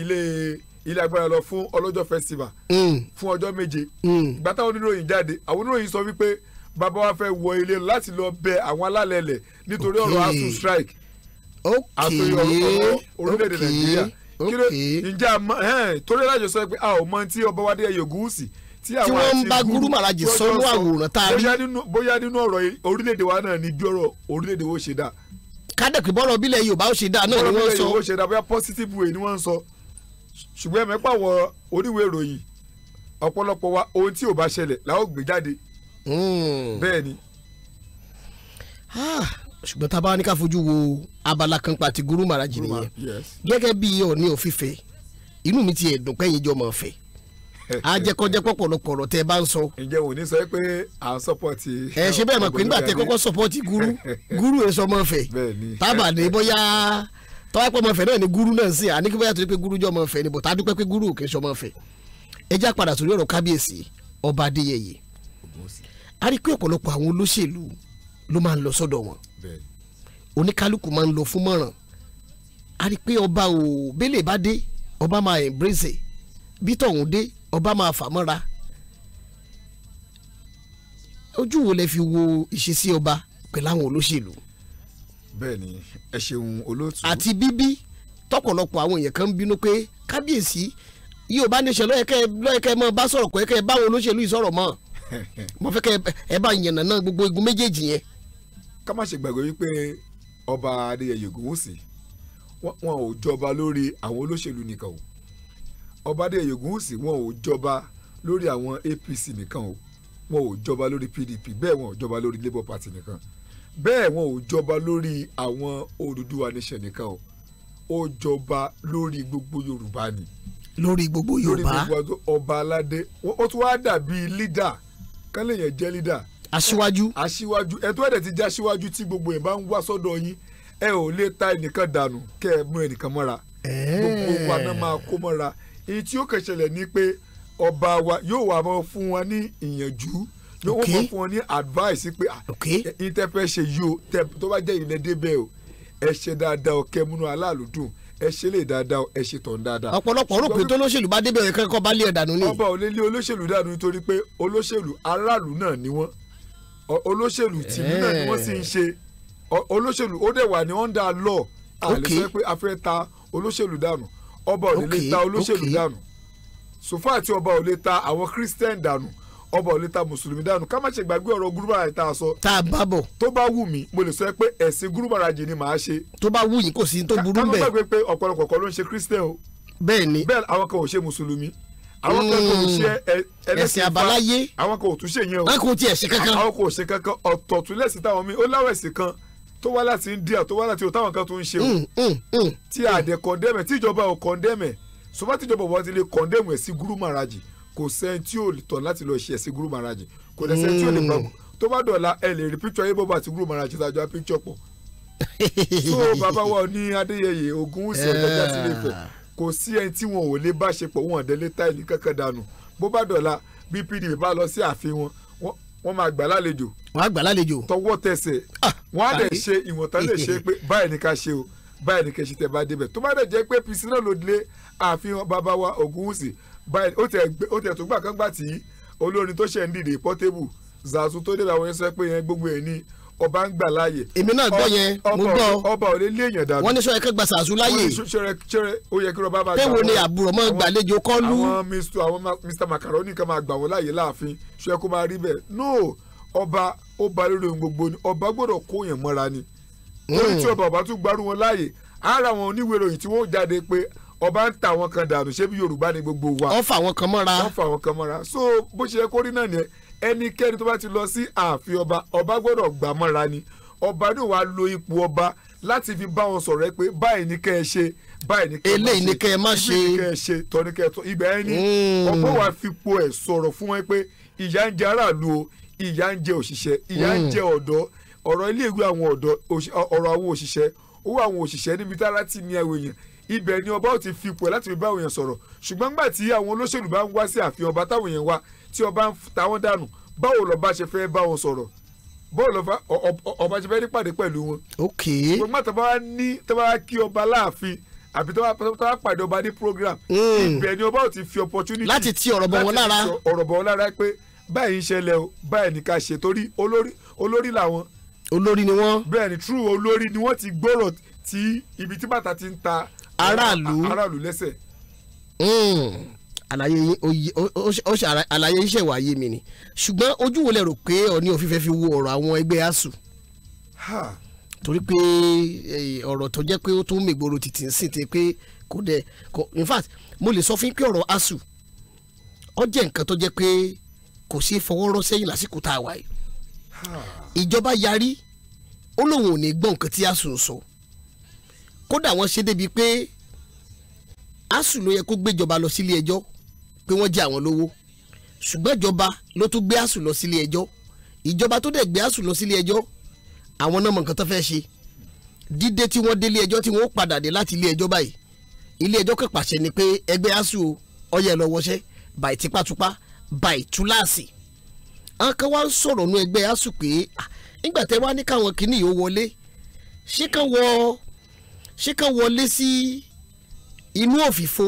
ilé ilé agbára lọ fún ọlọ́jọ́ festival fún ọjọ́ méje ìgbà táwọn oníròyìn jáde àwọn oníròyìn sọ wípé bàbá wa fẹ́ wọ ilé láti lọ bẹ àwọn alálẹ̀lẹ̀ nítorí ọ̀rọ̀ asun strike àfihàn orílẹ̀-èdè nàìjíríà ǹjẹ́ àmọ́ torí alájọ sọ pé a ò mọ tí ọba wádìí ẹ̀yọ̀ gúúsì tí àwọn àti gúrú bá gúrú màlájì sọnù àwòrán tá a rí. bóyá nínú ọ̀rọ̀ orílẹ̀-èdè wa náà ni bí ọ̀rọ̀ orílẹ̀-èdè wo ṣe dà. kádàkì bọ́lọ̀ bílẹ̀ yorùbá ó ṣe dà náà ni wọ́n sọ. bọ́lọ̀ bílẹ̀ yorùbá ó ṣe dà bóyá positive way ni wọ́n sọ. ṣùgbọ́n ẹ̀mẹ́pà wọ oníwèé ìròyìn ọ̀pọ̀lọpọ̀ wa ohun tí ò bá ṣẹlẹ̀ làwọn gbé jáde. Hmm. bẹ́ẹ̀ ni. Ah ṣùgbọ́n tá a bá ní ká fojú wo abala kan pa ti Guru Maharaj nìyẹn gẹ́gẹ́ bí Ọọ̀ni of Ifẹ̀ inú mi ti ẹ̀dùn pẹ́yìn jọ mọ̀ fẹ́ ajẹkọjẹ pọpọlọpọlọ tẹ bá ń sọ. ǹjẹ́ ò ní sọ pé à ń sọpọ́tì. ẹ ṣe bẹ́ẹ̀ mọ̀ pé nígbà tẹ kọ́kọ́ sọpọ́tì Guru Guru ẹ sọmọ fẹ́ tábà ní bóyá tọ́wọ́ pẹ́ mọ̀fẹ́ náà ni Guru náà sì à ní kí bóyá torí pé Guru jọ mọ̀fẹ́ ni bò tá a dúpẹ́ pé Guru kì í sọmọ fẹ́ ẹ já padà sórí ọ̀rọ̀ kábíyèsí ọba Adéyẹyè a rí pé ọ̀pọ̀lọpọ̀ àwọn olóṣèlú ló máa ń lọ sọ́dọ̀ wọn oníkálukú máa ń lọ fún mọ̀ràn a rí i pé ọba ò bẹ́lẹ̀ bá dé ọba máa embrace e. bí tọ̀hún dé ọba máa fà mọ́ra ojú wo lẹ fi wo ìṣesí ọba pẹ̀lú àwọn olóṣèlú. bẹ́ẹ̀ni ẹ ṣeun olóòtú. àti bíbí tọ̀pọ̀lọpọ̀ àwọn èèyàn kan ń bínú pé kábíyèsí yóò bá níṣẹ́ lọ́yẹ̀kẹ́ lọ́yẹ̀kẹ́ mọ́ bá sọ̀rọ̀ kọ́ ẹ̀kẹ́ báwọn olóṣèlú yìí sọ̀rọ̀ mọ́ mo fẹ́ kẹ́ ẹ bá yànnà náà gbogbo igun méjèèjì yẹn ká má ṣe gbàgbé wípé ọba adéyẹyẹ ògúnwùsì wọn ò jọba lórí àwọn olóṣèlú nìkan o ọba adéyẹyẹ ògúnwùsì wọn ò jọba lórí àwọn APC nìkan o wọn ò jọba lórí PDP bẹ́ẹ̀ wọn ò jọba lórí Labour Party nìkan bẹ́ẹ̀ wọn ò jọba lórí àwọn Odùduwà nation nìkan o ó jọba lórí gbogbo Yorùbá ni lórí gbogbo Yorùbá lórí gbogbo ọba aládé ó tún wá dàbí lídà kán yẹn jẹ́ lídà aṣíwájú. aṣíwájú ẹ tó ẹ̀dẹ̀ ti já aṣíwájú tí gbogbo ẹ̀ bá ń wá sọ́dọ̀ yín ẹ ò lè ta ẹnìkan dànù kẹ ẹ mú ẹnìkan mọ́ra. gbogbo wa náà máa kó mọ́ra èyí tí ó kẹsẹ̀lẹ̀ ni pé ọba wa yóò wá máa fún wọn ní ìyànjú yóò wọ́n fún wọn ní advice pé ẹ̀yin tẹ́ fẹ́ ṣe yìí o tó bá jẹ́ ìlẹ̀ débẹ̀ o ẹ ṣe dáadáa o kẹ́ múnú aláàlú dùn ẹ ṣe lè dáadáa ẹ ṣe tàn dáadáa. ọ̀pọ̀lọpọ̀ rò tó olóṣèlú bá débẹ̀ ẹ̀kẹ́kọ̀ọ́ bá lé ẹ̀ dànù ni. ọba ò lè lé olóṣèlú dànù nítorí pé olóṣèlú aráàlú náà ni wọ́n olóṣèlú tìlú náà ni wọ́n sì ń ṣe olóṣèlú ó dẹ̀ wà ní under law àlè sọ pé a fẹ́ ta olóṣèlú dànù ọba ò lè ta olóṣèlú dànù àti ọba ò lè ta àwọn christian dànù ọba ò ta mùsùlùmí dànù ká má ṣe gbàgbé ọ̀rọ̀ gúrúbàrà tá sọ. tá bá bọ̀. tó bá wù mí mo lè sọ pé ẹ̀sìn màá ṣe. kan ló christian o. ni bẹ́ẹ̀ àwọn kan ò àwọn kan kò hmm. ṣe ẹlẹ́sìn àbáláyé àwọn kan ò tún ṣe yẹn o. wọn kò tiẹ̀ ṣe kankan. àwọn kò ṣe kankan ọ̀tọ̀ tún lẹ́sìn táwọn mi ó láwẹ̀sì kan tó wá láti India tó wá láti òtáwọn kan tó ń ṣe o. Hmm, hmm, tí àdẹ kọ̀ndẹ́mẹ̀ tí ìjọba ò kọ̀ndẹ́mẹ̀ sọba tí ìjọba ò wá ti lè kọ̀ndẹ́mẹ̀ sí Guru Maharaji kò sẹ́ni tí ò tọ̀ láti lọ ṣe ẹ̀sìn Guru Maharaji kò lẹ́sẹ̀ tí ò lè pa tó bá dọ̀la ẹ lè rí píkṣọ yín bọ́bà àti Guru Maharaji tàjọ á píkṣọ pọ̀. so bàbá wa ní Adéyẹyè Ògúnwùsì ọjọ́ jáde lè fẹ̀ kò sí ẹni tí wọn ò lè bá ṣe pọ̀ wọn ọ̀dẹ́lẹ́ táìlì kankan dànù bó bá dọ̀la bí pdp bá lọ sí ààfin wọn wọ́n máa gbà lálejò. wọ́n á gbà lálejò. tọwọ́ tẹsẹ̀ ah, wọ́n á dẹ̀ ṣe ìwọ̀ntán lè ṣe pé báyìí ni ká ṣe o báyìí ni ká ṣe tẹ̀ bá débẹ̀ tó bá dẹ̀ jẹ́ pé apc náà ló dé àfihàn bàbá wa ògúnwùsì báyìí ó tẹ̀ tó gbà kán gbà tí olórin tó ṣẹ̀ ń dìde pọ́tébù zazu tó dé làwọn yẹn sọ pé yẹn gbogbo ẹ̀ ní ọba ń gbà láàyè. èmi náà gbọ́ yẹn mo gbọ́ ọba ò lè lé èèyàn dàbí. wọ́n ní sọ́yẹ́ kẹ́gbà sàásù láàyè. tẹ́wọ̀ ni àbúrò mọ́ gbàlejò kọ́lù. àwọn mr macaroni kan máa gbà wọ́n láàyè láàfin sọ́yẹ́ kó no ọba ó ba lórí ohun gbogbo ni ọba gbọ́dọ̀ kó yẹn mọ́ra ni. lórí hmm. tí ọba ọba tún gbárù wọn láàyè ara wọn oníwèé ìròyìn tí wọ́n jáde pé ọba ń ta àwọn kan dànù ṣé bí yorùbá ni gbogbo wa. wọ́n fà wọn kan mọ́ra. wọ́n fà kan mọ́ra so bó ṣe yẹ kó rí náà nìyẹn ẹnikẹ́ni tó bá ti lọ sí ààfin ọba ọba gbọ́dọ̀ gbà mọ́ra ni ọba ní wàá lo ipò ọba láti fi bá wọn sọ̀rọ̀ ẹ pé báyìí ni kẹ́ ẹ ṣe báyìí ni kẹ́ ẹ má ṣe eléyìí ni kẹ́ ẹ má ṣe ibi ni kẹ́ ẹ ṣe tọ́ni kẹ́ ẹ tọ́ ibẹ̀ ẹ ní hmm. ọgbọ́n wàá fipò ẹ̀ sọ̀rọ̀ fún wọn pé ìyà ń jẹ aráàlú o ìyà ń jẹ òṣìṣẹ́ ìyà ń hmm. jẹ ọ̀dọ́ ọ̀rọ̀ iléèwé àwọn ọ̀dọ́ ọ̀rọ̀ àwọn òṣìṣẹ́ owó àwọn òṣìṣẹ́ níbi tára ti ní àwọn èèyàn ibẹ̀ ni ọba ò ti fipò ẹ̀ láti fi bá àwọn èèyàn sọ̀rọ̀ ṣùgbọ́n nígbà tí àwọn olóṣèlú bá ń wá sí ààfin ọba táwọn èèyàn wá tí ọba ń ta wọ́n dànù báwo lọ́ba ṣe fẹ́ bá wọn sọ̀rọ̀ báwo lọ́ba ọba ṣe fẹ́ nípàdé pẹ̀lú wọn. ok gbogbo àtàwọn bá ní tọ́ba kí ọba láàfin àbí tó bá pàdé ọba ní program. Hmm. ibẹ̀ ni ọba ò ti fi opportunity. láti ti ọ̀rọ̀ bọ̀ wọn lára. láti ti ọ̀rọ̀ bọ̀ wọn lára pé báyìí ń ṣẹlẹ̀ o báyìí ní ká ṣe torí olórí olórí làwọn. olórí ni wọ́n. bẹ́ẹ̀ ni true olórí ni wọ́n ti gbọ́rọ̀ tí ibi tí bàtà ti ń ta aráàlú aráàlú lẹ́sẹ̀. Hmm àlàyé àlàyé iṣẹ́ ìwà yé mi ni ṣùgbọ́n ojú wo lẹ rò pé ọ̀ní òfìfẹ́ fi wo ọ̀rọ̀ àwọn ẹgbẹ́ asuu torí pé ọ̀rọ̀ tó jẹ́ pé ó tún mègbòrò títí ń ti pé kò dẹ̀ kò in fact mo lè sọ fún pé ọ̀rọ̀ asuu ó jẹ́ nǹkan tó jẹ́ pé kò ṣeé fọwọ́ rọ́ sẹ́yìn lásìkò tá a wà yìí ìjọba yarí ó lóun ò ní gbọ́ nǹkan tí asuu ń sọ kódà wọ́n ṣe débi pé asuu ló yẹ kó gbéjọba lọ sílé ẹjọ́ pé wọ́n jẹ àwọn lówó ṣùgbọ́n ìjọba ló tún gbé àsùn lọ sílé ẹjọ́ ìjọba tó dẹ̀ gbé àsùn lọ sílé ẹjọ́ àwọn náà mọ̀ nǹkan tó fẹ́ ṣe dídé tí wọ́n délé ẹjọ́ tí wọ́n padà dé láti ilé ẹjọ́ báyìí ilé ẹjọ́ kan pàṣẹ ni pé ẹgbẹ́ àsùn ó lọ wọṣẹ́ báyìí tipátupá báyìí túláàsì àwọn wá ń sọ̀rọ̀ nu ẹgbẹ́ àsùn pé nígbà tẹ́ wá ní káwọn kìíní yóò wọlé ṣé kán wọ ṣé kán wọlé sí inú òfìfo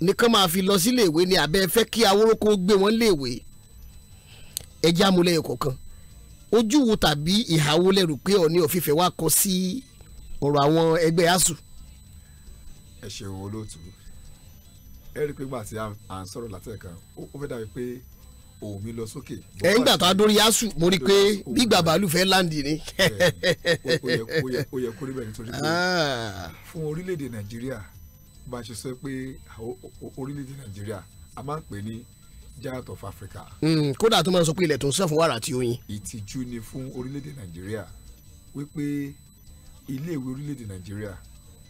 nìkan máa fi lọ sílé ìwé ni àbẹ́ fẹ́ kí awórókó gbé wọn lé ìwé ẹjẹ́ amúlẹ̀yìn kọ̀ọ̀kan ojú wo tàbí ìhàwó lẹ́rù pé ọ̀ní òfìfẹ́ wa kọ sí ọ̀rọ̀ àwọn ẹgbẹ́ asuu. ẹ ṣeun olóòtú ẹ rí i pé gbà tí à ń sọ̀rọ̀ látẹ̀kan ó fẹ́ dàbí pé òmí lọ sókè. ẹ ń gbà tó a dórí mo rí i pé bí gbàbálù fẹ́ láǹdì ni. ó yẹ kó rí bẹ́ẹ̀ nítorí pé ah. fún orílẹ̀-èdè nàìjíríà bá a ṣe sọ pé orílẹ̀-èdè nàìjíríà a máa ń pè ní giant of africa. Hmm, kódà tó máa ń sọ pé ilẹ̀ tó ń sàn fún wàrà àti oyin. ìtìjú ni fún orílẹ̀-èdè nàìjíríà wípé iléèwé orílẹ̀-èdè nàìjíríà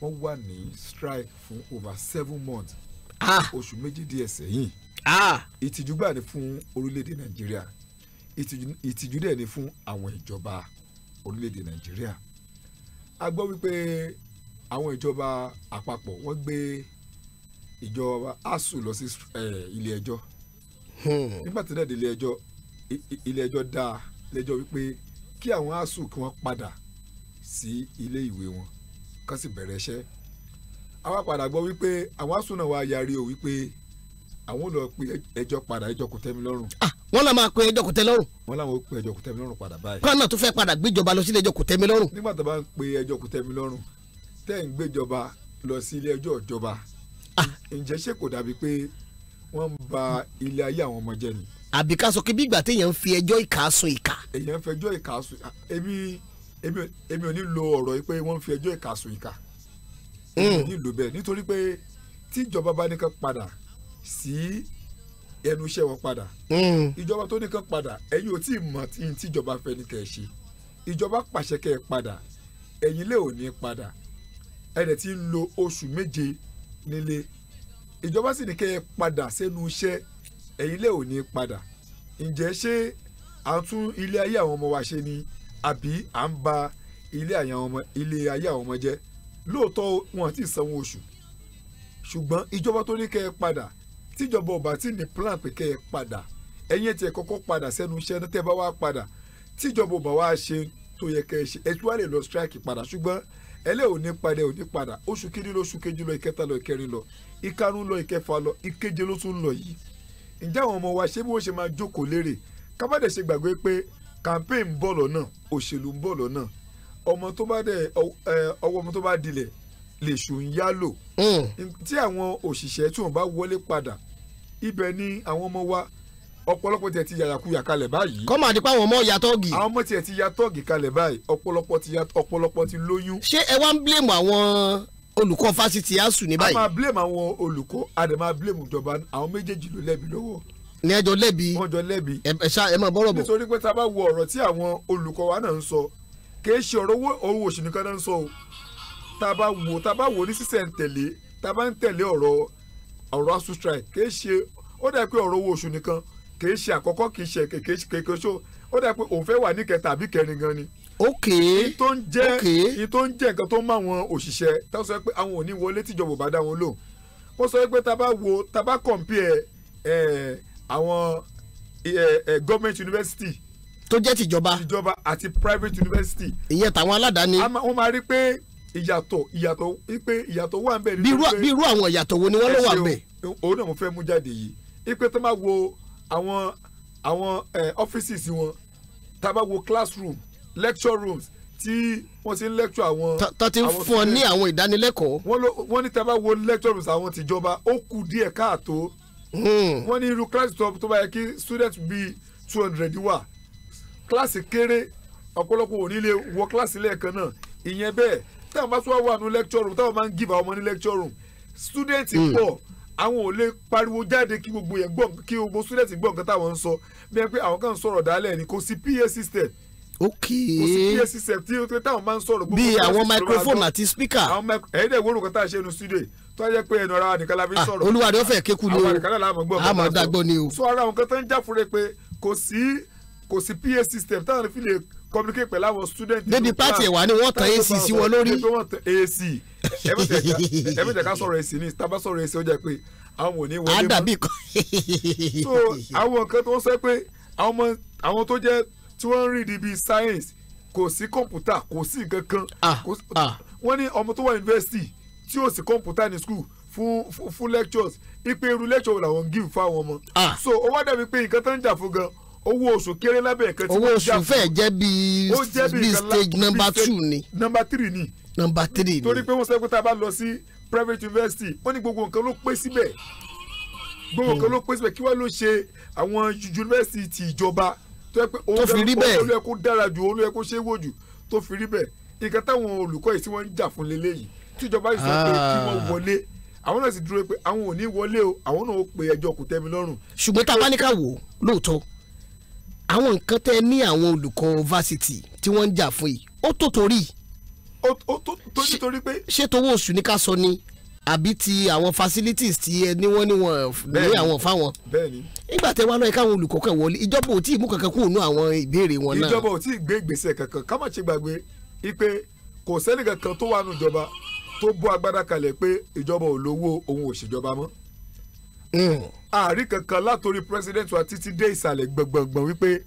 wọ́n wà ní strike fún over seven months ah! oṣù méjì díẹ̀ sẹ́yìn ah! ìtìjú gbà ní fún orílẹ̀-èdè nàìjíríà ìtìjú dẹ̀ ni fún àwọn ìjọba orílẹ̀-èdè nàìjíríà a gbọ́ wípé àwọn ìjọba àpapọ̀ wọ́n gbé ìjọba asu lọ sí ilé ẹjọ́ hmm. nígbà tí dẹ́ẹ̀dẹ̀ ilé ẹjọ́ ilé ẹjọ́ dá ilé ẹjọ́ wípé kí àwọn asuu kí wọ́n padà sí ilé ìwé wọn kán sì bẹ̀rẹ̀ iṣẹ́ àwa padà gbọ́ wípé àwọn asuu náà wá yarí o wípé àwọn ò lọ pe ẹjọ́ padà ẹjọ́ kò tẹ́ mi lọ́rùn. wọ́n làwọn máa pe ẹjọ́ kò tẹ́ lọ́rùn. wọ́n làwọn ó pe ẹjọ́ kò tẹ́ mi lọ́rùn padà báyìí. kọ́nà tó fẹ́ padà gbéjọba lọ sílé ẹjọ́ kò tẹ́ mi lọ́rùn. nígbà tó bá ń pe ẹjọ́ kò tẹ́ mi lọ́rùn tẹ́ ń gbéjọba lọ sí ilé ẹjọ́ ìjọba ǹjẹ́ ṣé kò dàbí pé wọ́n ń ba ilé ayé àwọn ọmọ jẹ́ ni. àbí ká sọ pé bí ìgbà téèyàn ń fi ẹjọ́ ìka sun ìka. èèyàn ń fi ẹjọ́ ìka sun ìka èmi èmi ò ní lo ọ̀rọ̀ yìí pé wọ́n ń fi ẹjọ́ ìka sun ìka. èmi ò ní lo bẹ́ẹ̀ nítorí pé tíjọba bá nìkan padà sí ẹnu iṣẹ́ wọn padà. Hmm. ìjọba tó nìkan padà ẹ̀yin ò tí ì mọ̀ tíjọba fẹ́ ni kẹ́ ẹ ṣe ìjọba pàṣẹ kẹ́ ẹ padà ẹ̀yin lè ò padà ẹ̀rẹ̀ ti ń lo oṣù méje nílé ìjọba sì ní kẹ́ ẹ padà sẹ́nu iṣẹ́ ẹ̀yin lè ò ní padà ǹjẹ́ ṣé à ń tún ilé ayé àwọn ọmọ wa ṣe ni àbí à ń ba ilé ayé àwọn ọmọ jẹ́ lóòótọ́ wọn ti sanwó oṣù ṣùgbọ́n ìjọba tó ní kẹ́ ẹ padà tíjọba ọba tí ní plan pé kẹ́ ẹ padà ẹ̀yin tiẹ̀ kọ́kọ́ padà sẹ́nu iṣẹ́ tẹ́ bá wá padà tíjọba ọba wá ṣe tó yẹ kẹ́ ẹ ṣe ẹ tún wá lè lọ strike padà ṣùgbọ́n ẹlẹ́ ò ní padà ò ní padà oṣù kìíní lọ oṣù kejì lọ ìkẹta lọ ìkẹrin lọ ìkarùn lọ ìkẹfà lọ ìkeje ló tún lọ yìí ǹjẹ́ àwọn ọmọ wa ṣé bí wọ́n ṣe máa jókòó lérè ká má dẹ̀ ṣe gbàgbé pé campaign ń bọ̀ lọ́nà òṣèlú ń bọ̀ lọ́nà ọmọ tó bá dẹ̀ ọwọ́ ọmọ tó bá dilẹ̀ lèṣù ń yálò hmm. tí àwọn òṣìṣẹ́ tí wọ́n bá wọlé padà ibẹ̀ ni àwọn ọmọ wa ọ̀pọ̀lọpọ̀ tiẹ̀ ti yàyàkuyà kalẹ̀ báyìí. kọ́mọ àdìpá àwọn ọmọ ya tọ́ọ̀gì. àwọn ọmọ tiẹ̀ ti ya tọ́ọ̀gì kalẹ̀ báyìí ọ̀pọ̀lọpọ̀ ti lóyún. ṣé ẹ wá ń blame àwọn olùkọ́ fásitì asuu ní báyìí. a máa blame àwọn olùkọ́ a dẹ̀ máa blame ìjọba àwọn méjèèjì ló lẹ́bi lọ́wọ́. ní ẹjọ́ lẹ́bi ẹjọ́ lẹ́bi ẹ ṣá ẹ máa bọ́rọ̀ bọ̀. nítorí pé tá bá wo ọ̀rọ̀ tí àwọn olùkọ́ wa náà ń sọ kì í ṣe ọ̀rọ̀ owó oṣù nìkan náà ń sọ o tá bá wo tá bá wo ní sísẹ̀ntẹ̀lé tá bá ń tẹ̀lé ọ̀rọ̀ ọ̀rọ̀ asu kì í ṣe ó dà pé ọ̀rọ̀ owó oṣù nìkan kìí ṣe àkọ́kọ́ kìí ṣe kékeré so ó dà pé òun fẹ́ wà ní kẹta àbí kẹrin gan ni. ok ìtò ń jẹ́ ìtò ń jẹ́ nǹkan tó ń mọ àwọn òṣìṣẹ́ tó sọ pé àwọn ò ní wọlé tíjọba ò bá dá wọn lóhùn ó sọ pé tá a bá wo tá a bá compare ẹ̀ àwọn government university tó jẹ́ tìjọba tìjọba àti private university. ìyẹn tàwọn aládàáni. wọ́n máa rí pé ìyàtọ̀ ìyàtọ̀ pé ìyàtọ̀ wà ń bẹ̀. bí irú àwọn ìyàtọ̀ wo ni wọ́n ló wà òun náà mo fẹ́ mú jáde yìí ipe tó máa wo àwọn àwọn eh, offices wọn tá a bá wo classroom lecture rooms tí wọ́n ti ń lecture àwọn. tó ti ń fún ọ ní àwọn ìdánilẹ́kọ̀ọ́. wọ́n ló wọ́n ní tá a bá wo lecture rooms àwọn tìjọba ó kù díẹ̀ káàtó. Hmm. wọ́n ní irú class tó tó bá yẹ kí student bíi two hundred wà kíláàsì kéré ọ̀pọ̀lọpọ̀ ò ní lè wọ kíláàsì lẹ́ẹ̀kan náà ìyẹn bẹ́ẹ̀ táwọn bá tún wà nù lecture room táwọn máa ń give àwọn ọmọ ní lecture room student hmm. pọ̀. Mm àwọn ò lè pariwo jáde kí gbogbo yẹn gbọ́ kí gbogbo student gbọ́ nǹkan táwọn ń sọ bí wọ́n pé àwọn kan ń sọ̀rọ̀ ni kò sí PA system ok kò sí PA system tí táwọn máa ń sọ̀rọ̀ gbogbo bí àwọn microphone àti speaker àwọn ẹ̀ẹ́dẹ̀ wọ́n nǹkan tá a ṣe nu studio tó yẹ pé ẹnu ara nìkan la fi ah, sọ̀rọ̀ olúwa ló fẹ́ kéku ni o àwọn àdìkálà làwọn gbọ́ àmọ́ dàgbọ́ ni o so ara àwọn kan tó ń jáfure pé kò sí kò sí PA system táwọn fi lè communicate pẹ̀lú àwọn student. débi pàtì ẹ̀wà ni wọ́n tan ac sí wọn lórí. ac ẹbí tẹ̀ka sọ̀rọ̀ ẹ̀sìn ní tábà sọ̀rọ̀ ẹ̀sìn ó jẹ́ pé àwọn ò ní wọlé mọ́. àdàbí kan. so àwọn nǹkan tó ń sẹ́ pé àwọn tó jẹ́ tí wọ́n ń rí di bíi science kò sí kọ̀ǹpútà kò sí nǹkan kan wọ́n ní ọmọ tó wà yunifásitì tí ò sí kọ̀ǹpútà ní school fún fún lectures ipe irú lecture làwọn give fáwọn ọmọ. so ó wá dàbí pé nǹkan tó ń jà fún gan owó oṣù kéré lábẹ́ ẹ̀kan tí wọ́n jà fún. owó oṣù fẹ́ẹ̀ jẹ́ bíi stage number two ni. number three ni nọmba tírì ni. torí pé wọ́n sọ pé tá a bá lọ sí private university wọ́n ní gbogbo nǹkan ló pé síbẹ̀ gbogbo nǹkan ló pé síbẹ̀ kí wọ́n ló ṣe àwọn university ti ìjọba tó yẹ pé òun ló yẹ kó dára jù òun ló yẹ kó ṣe é wò jù tó fi rí bẹ́ẹ̀ nǹkan táwọn olùkọ́ yìí tí wọ́n ń jà fún leléyìí tíjọba yìí sọ pé kí wọ́n ah. wọlé àwọn náà sì dúró pé àwọn ò ní wọlé o àwọn náà ó pe ẹjọ́ kò tẹ́mi lọ́rùn. ṣùgbọ́n tá a bá ní ká wò lóòótọ́ àwọn nǹkan tẹ ní àwọn olùkọ́ fásitì tí wọ́n ń jà fún yìí ó tó torí yìí tó nítorí pé. ṣé tówó oṣù ní ká sọ ni àbí ti àwọn facilities ti ẹ ní wọ́n ní wọ́n ní àwọn fáwọn. bẹ́ẹ̀ni. nígbà tẹ wá lọ́ọ́ káwọn olùkọ́ kan wọlé ìjọba ò tí ì mú kankan kúrò nú àwọn ìbéèrè wọn náà. ìjọba ò tí ì gbé ìgbésẹ̀ kankan ká má ṣe gbàgbé ipe kò sẹ́ni kankan tó wà nù ìjọba tó bú agbádá kalẹ̀ pé ìjọba ò lówó òun ò ṣèjọba mọ́. ààrí hmm. kankan látòrí president wa títí dé ìsàlẹ̀ gbọ̀ngbọ̀ngbọ̀n wípé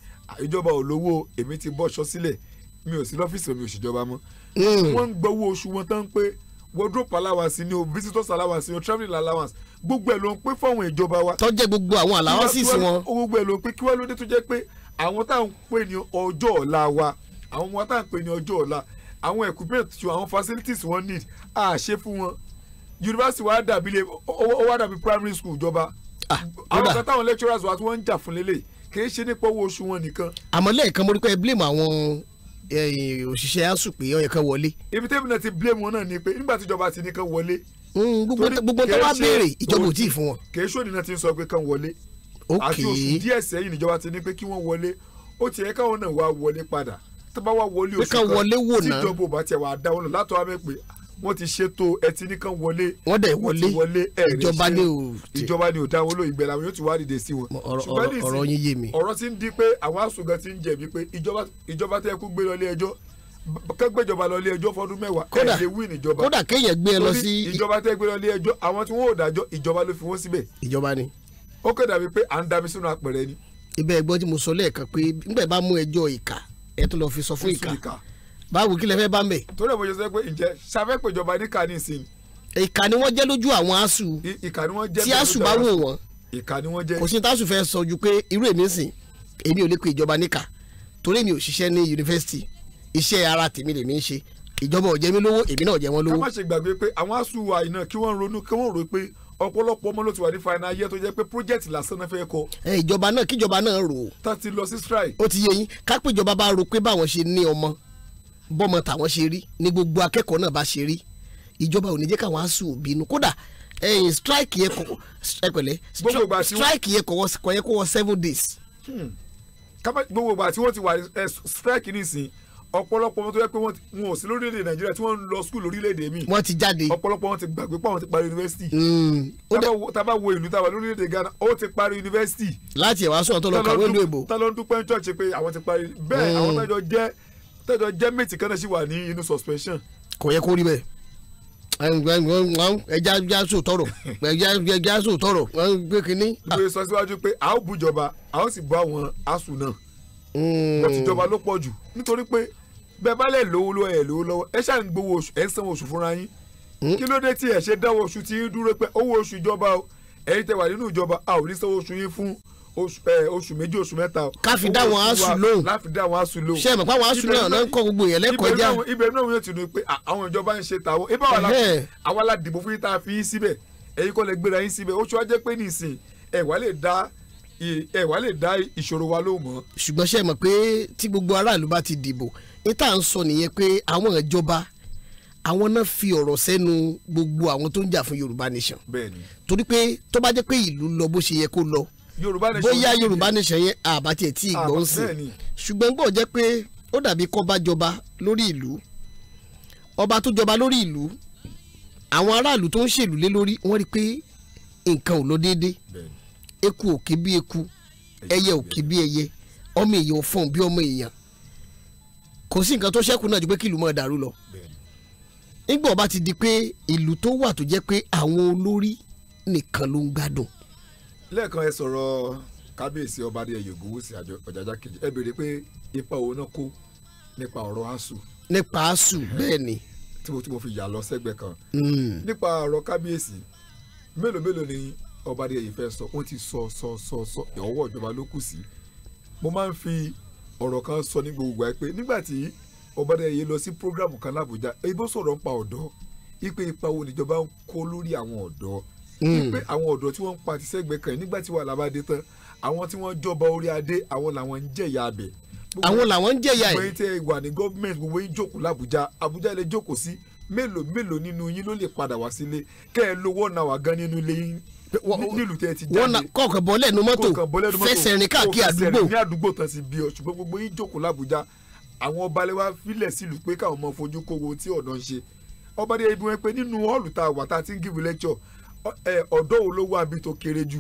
ìjọba ò lówó èmi ti bọ́ṣọ sílẹ̀ mi ò sí lọ́fíìsì mi ò ṣèjọba mọ́. Hmm. wọ́n ń gbowó oṣù wọn tán pé wardrobe allowance ni o visitors allowance ni o travelling allowance gbogbo ẹ̀ ló ń pé fáwọn ìjọba wa. tó jẹ́ gbogbo àwọn allowances wọn. gbogbo ẹ̀ ló ń pé kí wọ́n ló dé tó jẹ́ pé àwọn táwọn pè ní ọjọ́ ọ̀la wa àwọn ọmọ táwọn pè ní ọjọ́ ọ̀la àwọn equipment àwọn facilities wọn need a ṣe fún wọn university wa dàbí lè ó wá dàbí primary school ìjọba ah, àwọn kan táwọn lecturers wa tí wọ́n ń jà fún lélẹ̀ kì í ṣe nípa owó oṣù wọn nìkan. àmọ́ lẹ́ẹ̀kan mo rí pé ẹ blame àwọn Eh, òṣìṣẹ́ asu pé ó yẹ kán wọlé. ibi tẹ́bi náà ti blame wọn náà ni pé nígbà tíjọba ti ní kán wọlé. Hmm, gbogbo tó bá béèrè ìjọba ò tí ì fún wọn. kèé sóòdì náà ti ń sọ pé kán wọlé. ok àti oṣù díẹ̀ sẹ́yìn níjọba ti ní pé kí wọ́n wọlé ó ti yẹ káwọn náà wá wọlé padà tó bá wá wọlé oṣù kan tíjọba ò bá tiẹ̀ wá dáwọn lọ látọ̀ wá mẹ́ wọ́n ti ṣètò ẹtí nìkan wọlé wọ́n dẹ̀ wọlé ìjọba ni ò ìjọba ni ò dá wọn ló ìgbẹ́ làwọn yóò ti wá dìde sí wọn. ọ̀rọ̀ yín yé mi. ọ̀rọ̀ ti ń di pé àwọn àsùnkàn ti ń jẹ̀bi pé ìjọba tẹ́ kú gbé lọ ilé ẹjọ́ kẹgbẹjọba lọ ilé ẹjọ́ fọdún mẹ́wàá kódà ẹ lè win ìjọba kódà kéèyàn gbé ẹ lọ sí. ìjọba tẹ́ gbé lọ ilé ẹjọ́ àwọn tí wọn ò dájọ́ ìjọba ló fi wọn síbẹ̀. ìjọba ni. ó kẹ́ dàbí pé à ń dami sínú apẹ̀rẹ̀ ni. ibẹ̀ gbọ́ tí mo sọ lẹ́ẹ̀kan pé nígbà bá mú ẹjọ́ ìkà ẹ tó lọ fi sọ fún ìkà báwo kí lẹ fẹ́ bá ń bẹ̀. torí ẹ̀ mo ṣe sọ pé ǹjẹ́ safẹ́ pèjọba ní kàní sí ni. ìkà ni wọ́n jẹ́ lójú àwọn asù. ìkà ni wọ́n jẹ́ tí asù bá wò wọ́n. ni wọ́n jẹ́. kò sí tásù fẹ́ sọ ju pé irú èmi sìn èmi ò lè pe ìjọba níkà torí èmi ò ṣiṣẹ́ ní yunifásitì iṣẹ́ ara tèmi lèmi ń ṣe ìjọba ò jẹ mí lówó èmi náà ò wọn lówó. ká má ṣe gbàgbé pé àwọn asù wa iná kí wọ́n ronú kí wọ́n rò pé ọ̀pọ̀lọpọ̀ ọmọ ló ti wà ní fana ayé tó jẹ́ pé project lásán náà fẹ́ kọ. ẹ ìjọba náà kíjọba náà rò. tá ti lọ sí strike. ó ti yẹ yín ká pé bá rò pé báwọn ṣe ní ọmọ bọ́mọ tàwọn ṣe rí ni gbogbo akẹ́kọ̀ọ́ náà bá ṣe rí ìjọba ò ní jẹ́ káwọn aṣù bínú kódà ẹ̀yìn strike yẹ kọ ẹ pẹ̀lẹ́ strike yẹ kọ kọ yẹ kọ seven days. Hmm. gbogbo ìgbà tí wọ́n ti wà strike nísìnyí ọ̀pọ̀lọpọ̀ wọn tó yẹ pé wọn ò sí lórílẹ̀‐èdè nàìjíríà tí wọ́n ń lọ skul lórílẹ̀‐èdè mi. wọ́n ti jáde. ọ̀pọ̀lọpọ̀ wọn ti gbàgbé pé àwọn ti parí yunifásitì. Hmm. tábà wo ìlú tábà lórílẹ̀‐èdè Ghana ó ti parí yunifásitì. láti ẹ̀wá sọ̀rọ̀ tó lọ kàwé lóyìnbó. tá ló ń dúpẹ́ ní church pé àwọn ti parí bẹ́ẹ̀ àwọn hmm. tájọ jẹ́ tẹ́jọ jẹ́ mẹ́tì kan náà sì wà ní inú suspension. kò yẹ kó rí bẹ́ẹ̀ ẹja ẹja sò tọrọ ẹja ẹja sò tọrọ gbé kínní. ìwé sọ síwájú pé a ó bùjọba a ó sì bọ àwọn asùn náà. Hmm. wọ́n ti jọba ló pọ̀ jù nítorí pé bẹ́ẹ̀ bá lẹ̀ lówó lọ́wọ́ ẹ̀ lówó lọ́wọ́ ẹ ṣáà ń gbowó oṣù ẹ̀ ń sanwó oṣù fúnra yín. Hmm. kí ló dé tí ẹ̀ ṣe dáwọ́ oṣù tí ń dúró pé owó oṣù ìjọba o ẹ̀yin tẹ́ wà nínú ìjọba a ò ní sanwó oṣù yín fún oṣù méjì oṣù mẹ́ta. káfi dá wọn aṣù lóhùn láfi dá wọn aṣù lóhùn. ṣé ẹ̀mọ̀ pa wọn aṣù náà náà ń kọ́ gbogbo yẹn lẹ́kọ̀ọ́ já. ibẹ̀ náà wọ́n ti dùn pé àwọn ìjọba ń ṣe tàwọn ibà wà àwọn aládìbò fún yín tá a fi yín síbẹ̀ ẹ̀yin kọ́ lẹ gbéra yín síbẹ̀ ó ṣọ́ ajẹ́ pé nìsín ẹ̀ wá lè dá ẹ̀ wá lè dá ìṣòro wa lóhùn mọ́. ṣùgbọ́n ṣe mọ̀ pé tí gbogbo aráàlú bá ti dìbò níta ń sọ nìyẹn pé àwọn ìjọba àwọn náà fi ọ̀rọ̀ sẹ́nu gbogbo àwọn tó ń jà fún Yorùbá nation. torí pé tó bá jẹ́ pé ìlú lọ bó ṣe yẹ kó lọ bóyá yorùbá nation yẹn àbátí ẹ̀ tí ì ah, gbọ́n sí ṣùgbọ́n gbọ́ jẹ́ pé ó dàbí kọ́ bá jọba lórí ìlú ọba tó jọba lórí ìlú àwọn aráàlú tó ń ṣèlú lé lórí wọ́n rí i pé nǹkan ò lọ déédéé eku ò bí eku ẹyẹ ò ké bí ẹyẹ ọmọ èèyàn ò fọ̀n bí ọmọ èèyàn kò sí nǹkan tó ṣẹ́kù náà ju pé kí ìlú máa dàrú lọ nígbà ọba ti di pé ìlú tó wà tó jẹ́ pé àwọn olórí nìkan ló ń gbádùn lẹ́ẹ̀kan ẹ sọ̀rọ̀ kábíyèsí ọba Adéyẹyè Ògúnwùsì Ọ̀jájá kejì ẹ béèrè pé ipa òun náà kó nípa ọ̀rọ̀ asuu. nípa asuu bẹ́ẹ̀ ni. tí mo tí mo fi yà lọ sẹ́gbẹ̀ẹ́ kan. Hmm. nípa ọ̀rọ̀ kábíyèsí mélòó mélòó ni ọba Adéyẹyè fẹ́ sọ ó ti sọ sọ sọ sọ ìwọ́wọ́ ìjọba ló kù sí. mo máa ń fi ọ̀rọ̀ kan sọ ní gbogbo ẹ pé nígbà tí ọba lọ sí prógráàmù kan lábújá ebó sọ̀rọ̀ ń pa ọ̀dọ́ ipe wípé mm. àwọn ọ̀dọ́ tí wọ́n ń pa ti sẹ́gbẹ́ kan nígbà tí wàhálà bá dé tán àwọn tí wọ́n jọba orí adé àwọn làwọn ń jẹ̀yà abẹ̀. àwọn làwọn ń jẹ̀yà ẹ̀. gbogbo yín tẹ wà ní gọ́ọ̀mẹ̀ntì gbogbo yín jókòó làbújá Àbújá lè jókòó sí mélòó mélòó nínú yín ló lè padà wá sílé kẹ́ ẹ lówó náà wà gan nínú ilé yín nílùú tẹ ti jáde wọn kọkàn bọ́lẹ̀ nu mọ́tò fẹsẹ̀ rìn káàkiri àdúgbò ní àdúgbò tán ti bí ọ ṣùgbọ́n gbogbo yín jókòó làbújá àwọn ọba lẹ́wà filẹ̀ sílùú pé káwọn ọmọ fojú kówó tí ọ̀dọ́ ń ṣe ọba dé ibi wọn pé nínú hall tá a wà tá a ti ń give lecture ọ̀dọ́ wo ló wà bí tó kéré jù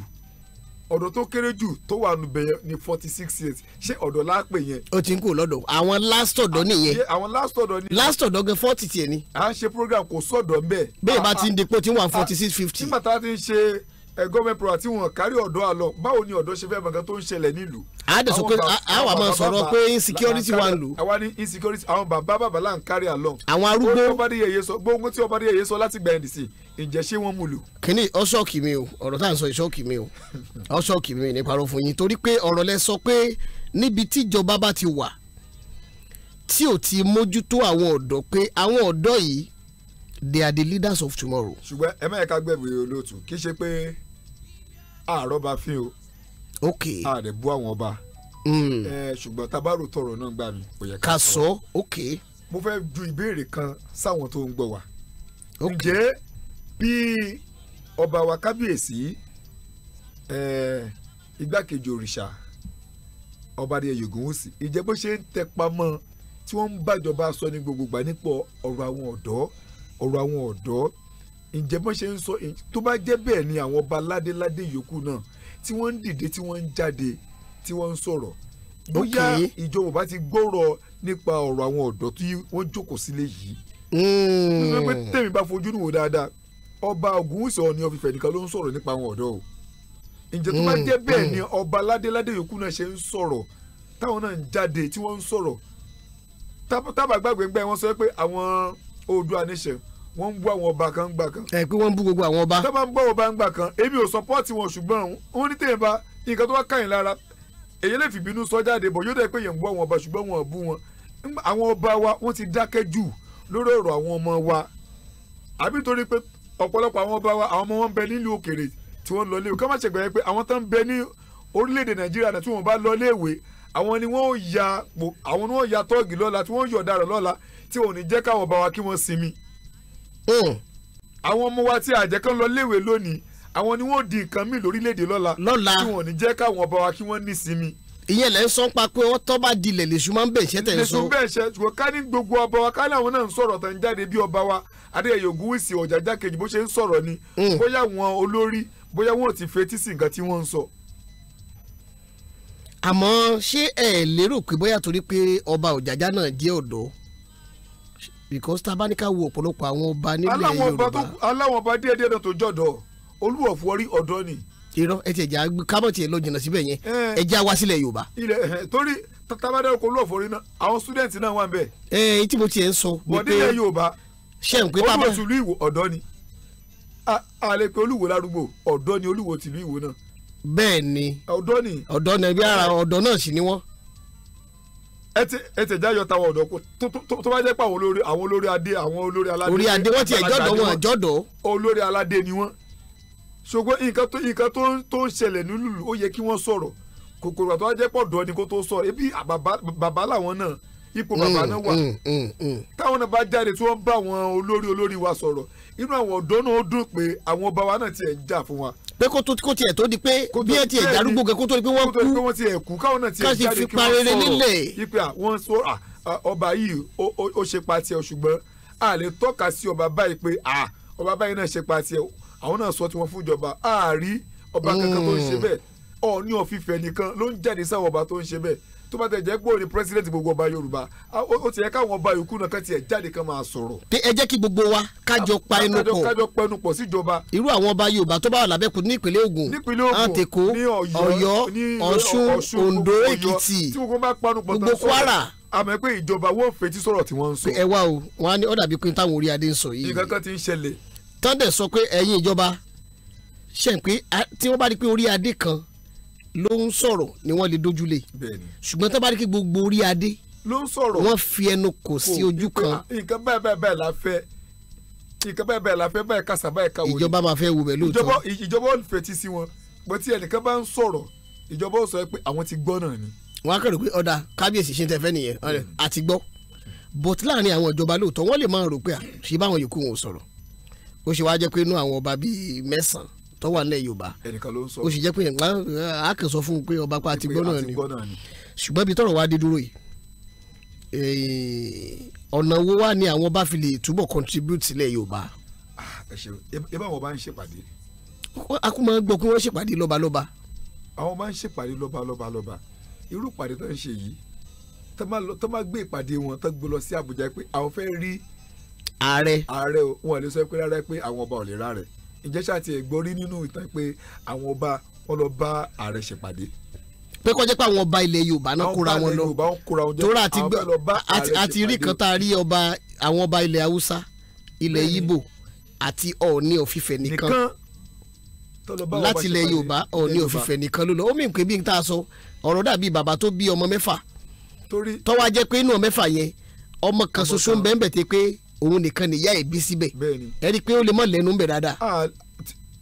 ọ̀dọ̀ tó kéré jù tó wà nù bẹ̀yẹn ní forty six years ṣé ọ̀dọ̀ láàpẹ̀ yẹn. ó ti ń kú lọ́dọ̀ àwọn last ọ̀dọ̀ ah, nìyẹn. àwọn last ọ̀dọ̀ nìyẹn. last ọ̀dọ̀ gan forty tiẹ̀ ni. à ń ṣe program kò sọ̀dọ̀ ń bẹ̀. bẹ́ẹ̀ bá ah, ti ń ah, dipo tí wọ́n forty six fifty. nígbà tá a ti ń ṣe eh, gọ́ọ̀mẹ̀ntì program tí wọ́n kárí ọ̀dọ́ àlọ́ báwo ni ọ̀dọ́ ṣe fẹ́ mọ̀gán tó ń ṣẹlẹ̀ nílùú a dẹ̀ sọ pé a wà máa sọ̀rọ̀ pé insecurity wà ń lò. àwa ní insecurity àwọn bàbá bàbá là ń carry along. àwọn arúgbó gbóngbó sọ gbóngbó tí ọba adéyẹyẹ sọ láti gba ẹ̀yìn sí ǹjẹ́ ṣé wọ́n mú lò. kínní ọ ṣọ́ọ̀kì mi o ọ̀rọ̀ tá à ń sọ ìṣọ́ọ̀kì mi o ọ ṣọ́ọ̀kì mi nípa ọ̀rọ̀ fún yín torí pé ọ̀rọ̀ lẹ sọ pé níbi tíjọba bá ti wà tí ò ti mójútó àwọn ọ̀dọ́ pé àwọn ọ̀dọ́ yìí they are the leaders of tomorrow. ṣùgbọ́n ẹ mẹ́ẹ̀ká gbẹ̀bù olóòtú kì í ṣe pé àárọ̀ bá fi o ok a lè bú àwọn ọba hmm. ṣùgbọ́n tabaru tọrọ náà gbà mí kò yẹ ká sọ ok mo fẹ́ ju ìbéèrè kan sáwọn tó ń gbọ́ wa ǹjẹ́ bí ọba wa kábíyèsí igbákejì òrìṣà ọba adé Ògúnwùsì ìjẹ́ bó ṣe ń tẹpa mọ́ tí wọ́n ń bàjọba sọ ní gbogbogbà nípa ọ̀rọ̀ àwọn ọ̀dọ́ ọ̀rọ̀ àwọn ọ̀dọ́ ǹjẹ́ bó ṣe ń sọ tó bá jẹ́ bẹ́ẹ̀ ni àwọn ọba ládéládé yòókù náà tí wọ́n ń dìde tí wọ́n ń jáde tí wọ́n ń sọ̀rọ̀ bóyá ìjọba bá ti gbọ́rọ̀ nípa ọ̀rọ̀ àwọn ọ̀dọ́ tí wọ́n jókòó sílé yìí. Hmm. pé tèmi bá fojú nù wò dáadáa ọba Ògúnwùsì Ọọ̀ni of nìkan ló ń sọ̀rọ̀ nípa àwọn ọ̀dọ́ o. ǹjẹ́ tó bá hmm. jẹ́ bẹ́ẹ̀ ni hmm. ọba ládéládé yòókù náà ṣe ń sọ̀rọ̀ táwọn náà ń jáde tí wọ́n ń sọ̀rọ̀ tábàgbàgbẹ́ngbẹ́ wọn sọ pé àwọn Oòduà nation wọ́n ń bú àwọn ọba kan gbà kan. ẹ pé wọ́n ń bú gbogbo àwọn ọba. tọ́ba ń bú àwọn ọba gbà kan èmi ò sọpọ́ọ̀tì wọn ṣùgbọ́n wọn ní tèèyàn bá nǹkan tó wá káyìn lára èyí lè fìbínú sọ jáde bọ̀ yóò dẹ̀ pé yẹn ń bú àwọn ọba ṣùgbọ́n wọn ò bú wọn. àwọn ọba wa wọ́n ti dákẹ́ jù lórí ọ̀rọ̀ àwọn ọmọ wa àbí torí pé ọ̀pọ̀lọpọ̀ àwọn ọba wa àwọn ọmọ wọn ń bẹ nílùú òkèrè tí wọ́n lọ léwu ká má ṣègbè pé àwọn tán ń bẹ ní orílẹ̀-èdè nàìjíríà náà tí wọ́n bá lọ léèwé àwọn ni wọ́n ya àwọn ni wọ́n ya tọ́ọ̀gì lọ́la tí wọ́n yọ̀ ọ̀daràn lọ́la tí wọn ò ní jẹ́ káwọn ọba wa kí wọ́n sinmi Hmm. àwọn ọmọ wa tí àjẹkán lọ léwe lónìí àwọn ni wọ́n di nǹkan míì lórílẹ̀‐èdè lọ́la lọ́la tí wọ́n ní jẹ́ káwọn ọba wa kí wọ́n ní sinmi. ìyẹn lẹ́ ń sọ pa pé wọ́n tọ́ bá dilẹ̀ lè ṣùgbọ́n bẹ́ẹ̀ ṣẹ́ tẹ̀ ń sọ. lè ṣùgbọ́n bẹ́ẹ̀ ṣẹ́ ṣùgbọ́n ká ní gbogbo ọba wa ká láwọn náà ń sọ̀rọ̀ tán jáde bí ọba wa adéyẹyẹ ògúnwùsì ọ̀jájá kejì bó ṣe ń sọ̀rọ̀ ni hmm. bóyá wọn olórí bóyá wọn ò ti fetí sí nǹkan tí wọ́n ń sọ. àmọ́ ṣé ẹ lérò pé bóyá torí pé ọba ọ̀jájá náà jẹ́ ọ̀dọ́ because tabanika wo ọ̀pọ̀lọpọ̀ àwọn ọba nílẹ̀ yorùbá. aláwọn ọba díẹ̀díẹ̀ náà tó jọ̀dọ̀ olúwọ̀fọ́rí ọ̀dọ́ ni. irọ́ ẹ ti ẹ̀jẹ̀ kábọ̀tì ẹ̀ lọ jìnnà síbẹ̀ yẹn eh. ẹ̀jẹ̀ wá sílẹ̀ yorùbá. ilẹ̀ eh, torí tabanika olúwọ̀fọ́rí náà àwọn students náà wà ń bẹ̀. ẹ ẹ tí mo tiẹ̀ ń sọ. bọ̀dílẹ̀ yorùbá olùwọ̀tìlú ìwò ọ̀dọ́ ni àlepẹ́ olúwo lárúgbó ọ̀dọ́ ni olúwo tìlú ìwò náà. bẹ́ẹ̀ ni ọ̀dọ́ ni ọ̀dọ́ ẹ tẹ̀ jáyọ̀ táwọn ọ̀dọ́ kó tó bá jẹ́ pé àwọn olórí àwọn olórí adé àwọn olórí aládé. orí adé wọ́n ti ẹ̀ jọ́dọ̀ wọn jọ́dọ̀. olórí aládé ni wọ́n ṣùgbọ́n nǹkan tó nǹkan tó ń ṣẹlẹ̀ nílùú ó yẹ kí wọ́n sọ̀rọ̀ kòkòrò àtọ́wájẹ́pọ̀ dọ́ ni kó tó sọ̀rọ̀ ebi bàbá làwọn náà ipò bàbá mm, náà wà mm, mm, táwọn náà bá jáde tí wọ́n bá àwọn olórí olórí wa sọ̀rọ̀ inú àwọn ọ̀dọ́ náà dùn pé àwọn ọba wa náà tiẹ̀ ń jà fún wa. pé kó tó kó tiẹ̀ tó di pé bí ẹ tiẹ̀ darúgbó kẹ́ kó tó di pé wọ́n kú káwọn náà tiẹ̀ jáde kí wọ́n sọ̀rọ̀ ọba yìí ó ṣe pa tiẹ̀ ṣùgbọ́n a lè tọ́ka sí ọba báyìí pé ọba báyìí náà ṣe pa tiẹ̀ àwọn náà sọ tiwọn fún ìjọba àárí ọba kankan tó ń ṣe bẹ́ẹ̀ ọ̀ọ́ni ọ̀fìfẹ́ nìkan ló ń jáde sáwọn ọba tó ń ṣe bẹ́ẹ̀ tó bá tẹ̀ jẹ́ pé òní president gbogbo ọba yorùbá ó ti yẹ káwọn ọba yòókù náà kàn tiẹ̀ jáde kàn máa sọ̀rọ̀. ẹ jẹ́ kí gbogbo wa kájọ pa ẹnu pọ̀ kájọ pa ẹnu pọ̀ síjọba. irú àwọn ọba yorùbá tó bá wà lábẹ́kù ní ìpínlẹ̀ Ògùn àǹtẹ̀kọ Ọ̀yọ́ Ọ̀ṣun Oǹdó Èkìtì gbogbo Kwara àmọ́ pé ìjọba wọ́n fetí sọ̀rọ̀ tí wọ́n ń sọ. ẹ wá o wọn á ní ọ̀dà bíi pé táwọn orí adé ń sọ yìí. nǹkan ti ń ṣẹlẹ̀. tọ́ndẹ̀ sọ pé ẹ̀yin ìjọba ṣe ń pé tí wọ́n bá rí pé orí adé kan ló ń sọ̀rọ̀ ni wọ́n lè dojúlé ṣùgbọ́n tó bá rí kí gbogbo orí adé ló ń sọ̀rọ̀ wọ́n fi ẹnu kò sí ojú kan. nǹkan bẹ́ẹ̀ bẹ́ẹ̀ bẹ́ẹ̀ la fẹ́ nǹkan bẹ́ẹ̀ bẹ́ẹ̀ la fẹ́ bẹ́ẹ̀ kásá bẹ́ẹ̀ káwọ́ ni ìjọba máa fẹ́ wù bẹ́ẹ̀ lóòótọ́ ìjọba ò fetí sí wọn bó ti ẹnìkan bá ń sọ̀rọ̀ ìjọba ò sọ pé àwọn ti gbọ́ náà ni. wọn á kẹ́rù pé ọ̀dà kábíyèsí ṣe ń tẹ́fẹ́ nìyẹn àti gbọ́ but láàrin àwọn ìjọba lóòótọ́ wọ́n lè máa rò pé ṣé báwọn yòókù wọn ò sọ̀rọ̀ ó ṣe wá jẹ́ pé inú àwọn ọba bíi mẹ́sàn-án tó wà nílẹ̀ Yorùbá ó sì jẹ́ pé a kàn sọ fún un pé ọba pa àti gbọ́ ni ṣùgbọ́n ibi tọ́rọ̀ wá dé dúró yìí eh, ọ̀nà wo wà ní àwọn bá fi lè túbọ̀ contribute sílẹ̀ Yorùbá. Ah, ẹ bá wọn bá ń ṣèpàdé. a kò máa gbọ́ pé wọ́n ṣèpàdé lọ́balọ́ba. àwọn máa ń ṣèpàdé lọ́balọ́ba lọ́ba irú ìpàdé tó ń ṣe yìí tó máa gbé ìpàdé wọn tó gbé lọ sí Àbújá pé àwọn fẹ́ rí ààrẹ ààrẹ wọn lè sọ pé rárá pé àwọn ọba ò lè rárẹ̀ ìjẹ́sà ti ẹ̀gbọ́n rí nínú ìtàn pé àwọn ọba wọn lọ bá ààrẹ ṣèpàdé pé kọjá pé àwọn ọba ilẹ̀ yorùbá náà kóra wọn lọ tóra àti gbọ́ àti rí kan tá a rí ọba àwọn ọba ilẹ̀ haúsá ilẹ̀ ibo àti ọ̀ọ́ni ọ̀fìfẹ́ nìkan láti ilẹ̀ yorùbá ọ̀ọ́ni ọ̀fìfẹ́ nìkan ló lọ ó mì pé bí n ta sọ ọ̀rọ̀ dàbí bàbá tó bí ọmọ mẹ́fà tọ́wọ́ pé inú mẹ́fà yẹn ọmọ kan ṣoṣo ń bẹ́ẹ̀ bẹ̀ òun nìkan nìyá ẹ̀ bí síbẹ̀ ẹ pé ó lè mọ̀ lẹ́nu ń dáadáa.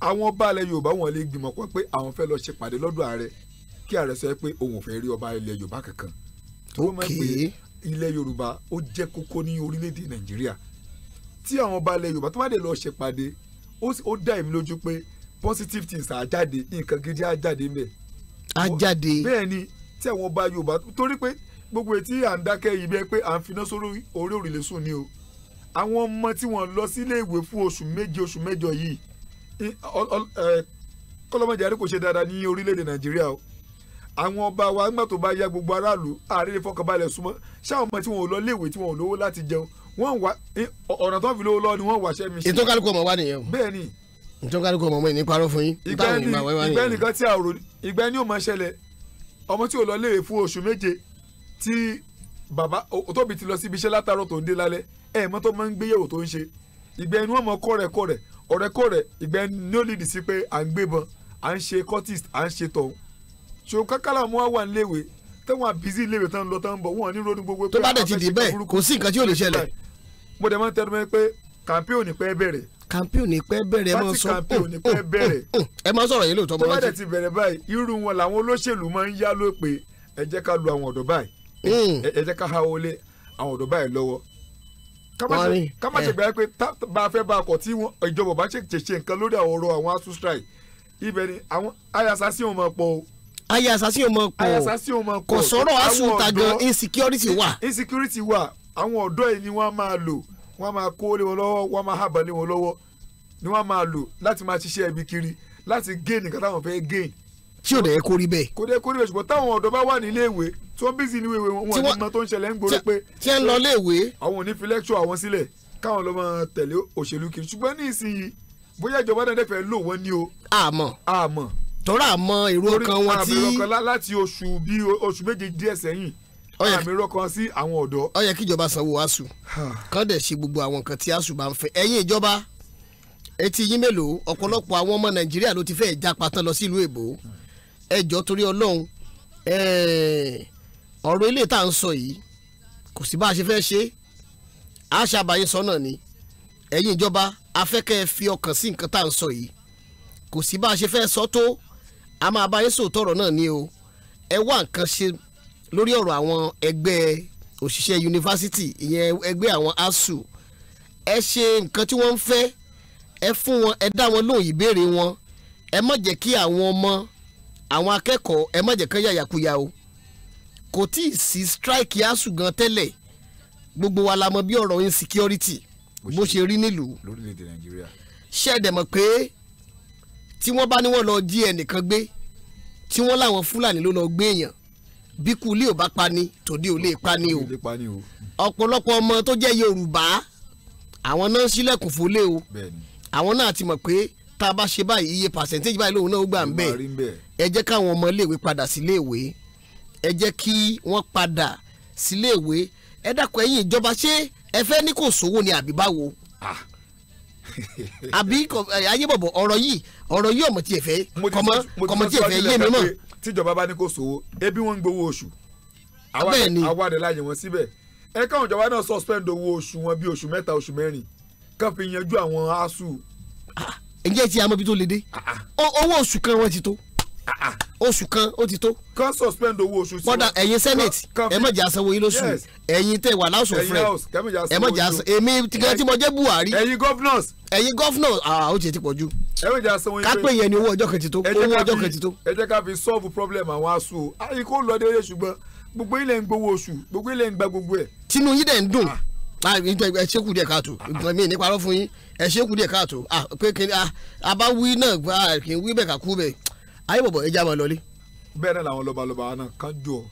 àwọn baálẹ̀ yorùbá wọn lè gbìmọ̀ pọ̀ pé àwọn fẹ́ lọ ṣe pàdé lọ́dọ̀ ààrẹ kí ààrẹ sọ pé òun ò fẹ́ rí ọba ilẹ̀ yorùbá kankan. ok ilẹ̀ yorùbá ó jẹ́ kókó ní orílẹ̀-èdè nàìjíríà tí àwọn baálẹ̀ yorùbá tó bá dé lọ ṣe pàdé ó dá èmi lójú pé positive things á jáde nǹkan gidi á jáde mẹ́. á jáde bẹ́ẹ̀ tí àwọn ọba yorùbá torí pé gbogbo etí à ń dákẹ́ yìí bẹ́ẹ̀ pé à ń finá sórí orí òrìlẹ̀ ni o àwọn ọmọ tí wọ́n lọ sílé ìwé fún oṣù méje oṣù mẹ́jọ yìí kọ́lọ́mọdé àríkò ṣe dáadáa ní orílẹ̀-èdè nàìjíríà o àwọn ọba wa nígbà tó bá ya gbogbo aráàlú ààrẹ ìfọkànbalẹ̀ súnmọ́ ṣáà ọmọ tí wọn ò lọ léèwé tí wọn ò lówó láti jẹun wọn wà ọ̀nà tó ń fi lówó lọ́wọ́ ni wọ́n wà ṣẹ́ mi. ìtọ́kálùkù ọmọ wa nìyẹn o. bẹ́ẹ̀ni. ìtọ́kálùkù ọmọ mi ní parọ́ fún yín. ìgbẹ́ nìkan tí a rò ìgbẹ́ ni ó máa ṣẹlẹ̀ ọmọ tí ò lọ léèwé fún oṣù méje tí bàbá tóbi ti lọ síbi iṣẹ́ látàárọ̀ tó ń dé lálẹ́ ẹ̀ mọ́ tó máa ń gbéyẹ̀wò tó ń ṣe ìgbà ẹni wọ́n mọ kọ́rẹ̀kọ́rẹ̀ ọ̀rẹ́kọ́rẹ̀ ìgbà ẹni ní ó lèdì sí pé à ń gbébọn à ń ṣe cultist à ń ṣe tọ̀hún ṣòun kákàlà mú wa wà níléèwé tẹ́wọ̀n àbísí iléèwé tán lọ tán bọ̀ wọ́n ní ronú gbogbo pé tó bá dẹ̀ ti dì bẹ́ẹ̀ kò sí nǹkan tí ò lè ṣẹlẹ̀. mo dẹ̀ máa ń tẹnu mọ́ pé kàmpé pẹ́ bẹ̀rẹ̀ kàmpéò pẹ́ bẹ̀rẹ̀ ẹ máa sọ pé ò ní oh, oh, oh, ẹ yẹn lóòótọ́ mọ́ ẹ jẹ́ ká lu àwọn ọ̀dọ́ báyìí mm. ẹ jẹ́ ká ha wọlé àwọn ọ̀dọ́ báyìí lọ́wọ́ ká má ṣe gbàgbé pé bá a fẹ́ bá a kọ̀ tí ìjọba bá ṣe ṣe nǹkan lórí àwọn ọ̀rọ̀ àwọn asu strike ibẹ̀ ni àwọn ayasa sí òun máa pọ̀ o. ayasa sí òun máa pọ̀ ayasa sí òun máa pọ̀ kò sọ̀rọ̀ tagan insecurity wà. insecurity wà àwọn ọ̀dọ́ yìí ni wọ́n máa lò wọ́n máa kó lé wọn lọ́wọ́ wọ́n máa hábà lé wọn lọ́wọ́ ni wọ́n máa lò láti máa ṣiṣẹ́ ibi kiri láti gain nǹkan táwọn fẹ́ gain tí ò dẹ̀ kó rí bẹ́ẹ̀. kò dẹ̀ kó rí bẹ́ẹ̀ ṣùgbọ́n táwọn ọ̀dọ́ bá wà nílé ìwé tí wọ́n bísí níwèé wọn ní mọ tó ń ṣẹlẹ̀ ń gbòòrò pé. tí ẹ ń lọ lé ìwé. àwọn ò ní fi lẹ́kṣọ̀ àwọn sílẹ̀ káwọn lọ́ máa tẹ̀lé òṣèlú kiri ṣùgbọ́n ní ìsinyìí bóyá ìjọba náà dẹ́fẹ̀ẹ́ lò wọ́n ní o. àmọ́ àmọ́. tọ́ra àmọ́ èrò ọkàn wọn tí. àmì ọkàn láti oṣù bíi oṣù méje díẹ̀ sẹ́yìn àmì rọkàn sí àwọn ọ̀dọ́. ó yẹ kí ìjọba sanwó asu kán dẹ̀ ṣe gbogbo àwọn nǹkan tí asu bá ń fẹ́ ẹ̀yin ìjọba etí yín mélòó ọ̀pọ̀lọpọ̀ àwọn ọmọ nàìjíríà ló ti fẹ́ẹ́ jápa tán lọ sílùú èbó ẹjọ́ torí ọlọ́run ọ̀rọ̀ ilé tá à ń sọ yìí kò sí bá a ṣe fẹ́ ṣe á ṣàbàyè sọ́nà ni ẹ̀yin ìjọba afẹ́kẹ́ fi ọkàn sí nǹkan tá à ń sọ yìí kò sí bá a ṣe fẹ́ sọ tó a máa bá yín sòótọ́ ọ̀rọ̀ náà ni o ẹ wá nǹkan ṣe lórí ọ̀rọ̀ àwọn ẹgbẹ́ òṣìṣẹ́ yunifásitì ìyẹn ẹgbẹ́ àwọn asu ẹ ṣe nǹkan tí wọ́n ń fẹ́ ẹ fún wọn ẹ dá wọn lóhùn ìbéèrè wọn ẹ má jẹ́ kí àwọn ọmọ àwọn akẹ́kọ̀ọ́ ẹ má jẹ́ kán yàyàkuyà o kò tí ì sí strike asu gan tẹ́lẹ̀ gbogbo wa la mọ̀ bí ọ̀rọ̀ insecurity bó ṣe rí nílùú ṣẹ̀dẹ̀ mọ̀ pé tí wọ́n bá ní wọ́n lọ jí ẹnìkan gbé tí wọ́n láwọn fúlàní ló lọ gbé èèyàn bí kú ilé ò bá pani tòde ò lè pani o ọ̀pọ̀lọpọ̀ ọmọ tó jẹ́ yorùbá àwọn náà ń ṣílẹ̀kùn o àwọn náà ti mọ̀ pé tá a bá ṣe báyìí iye percentage báyìí lòun náà ó gbà ń bẹ̀ ẹ jẹ́ káwọn ọmọ iléèwé padà síléèwé ẹ jẹ́ kí wọ́n padà síléèwé ẹ dákun ẹ̀yin ìjọba ṣé ẹ fẹ́ ní kò sówó ni àbí báwo ah. àbí ayé bọ̀bọ̀ ọ̀rọ̀ yìí ọ̀rọ̀ yìí ọmọ tí ẹ fẹ́ kọmọ kọmọ tí ẹ fẹ́ yé mi mọ̀. tíjọba bá ní kò sówó ebi wọn ń gbowó oṣù àwa rẹ̀ láàyè wọn síbẹ̀ ẹ káwọn ìjọba náà suspend owó oṣù wọn bíi oṣù mẹ́ta oṣù mẹ́rin kàn fi yanjú àwọn asu. Ah, ǹjẹ́ ti amọ̀bi tó le dé ah, owó oṣù kan wọ́n ti tó. Ah, ah. oṣù kan ó ti tó. kan suspend owó oṣù tiwọn. kódà ẹ̀yin senate ẹ mọ̀ jà sanwó yín lóṣù ẹ̀yin tẹ̀ wà láṣọ fred ẹ mọ̀ jà sanwó èmi tìkẹ́ tí mo jẹ́ buhari. ẹ̀yin governors. ẹ̀yin governors ah, ó ti ti pọ̀ jù. ẹ mọ̀ jà sanwó yín pé kápẹ́ yẹn ni owó ọjọ́ kan ti tó owó ọjọ́ kan ti tó. ẹ jẹ́ ká fi solve problem àwọn aṣọ àyè kó lọ déédéé ṣùgbọ́n gbogbo ilẹ̀ ń gbowó oṣù gbogbo ilẹ̀ ń gba gbogbo ẹ̀. tinú yín dẹ̀ ń dùn ẹ ṣe kù díẹ̀ káàtó mi nípa lọ fún yín ẹ ṣe kù díẹ̀ káàtó pé kí a bá wí náà kí n wí bẹ́ẹ̀ ká kú bẹ́ẹ̀ ayé bọ̀bọ̀ ẹja máa lọlé. bẹ́ẹ̀ náà làwọn lọ́balọ́ba náà kan jù ọ́.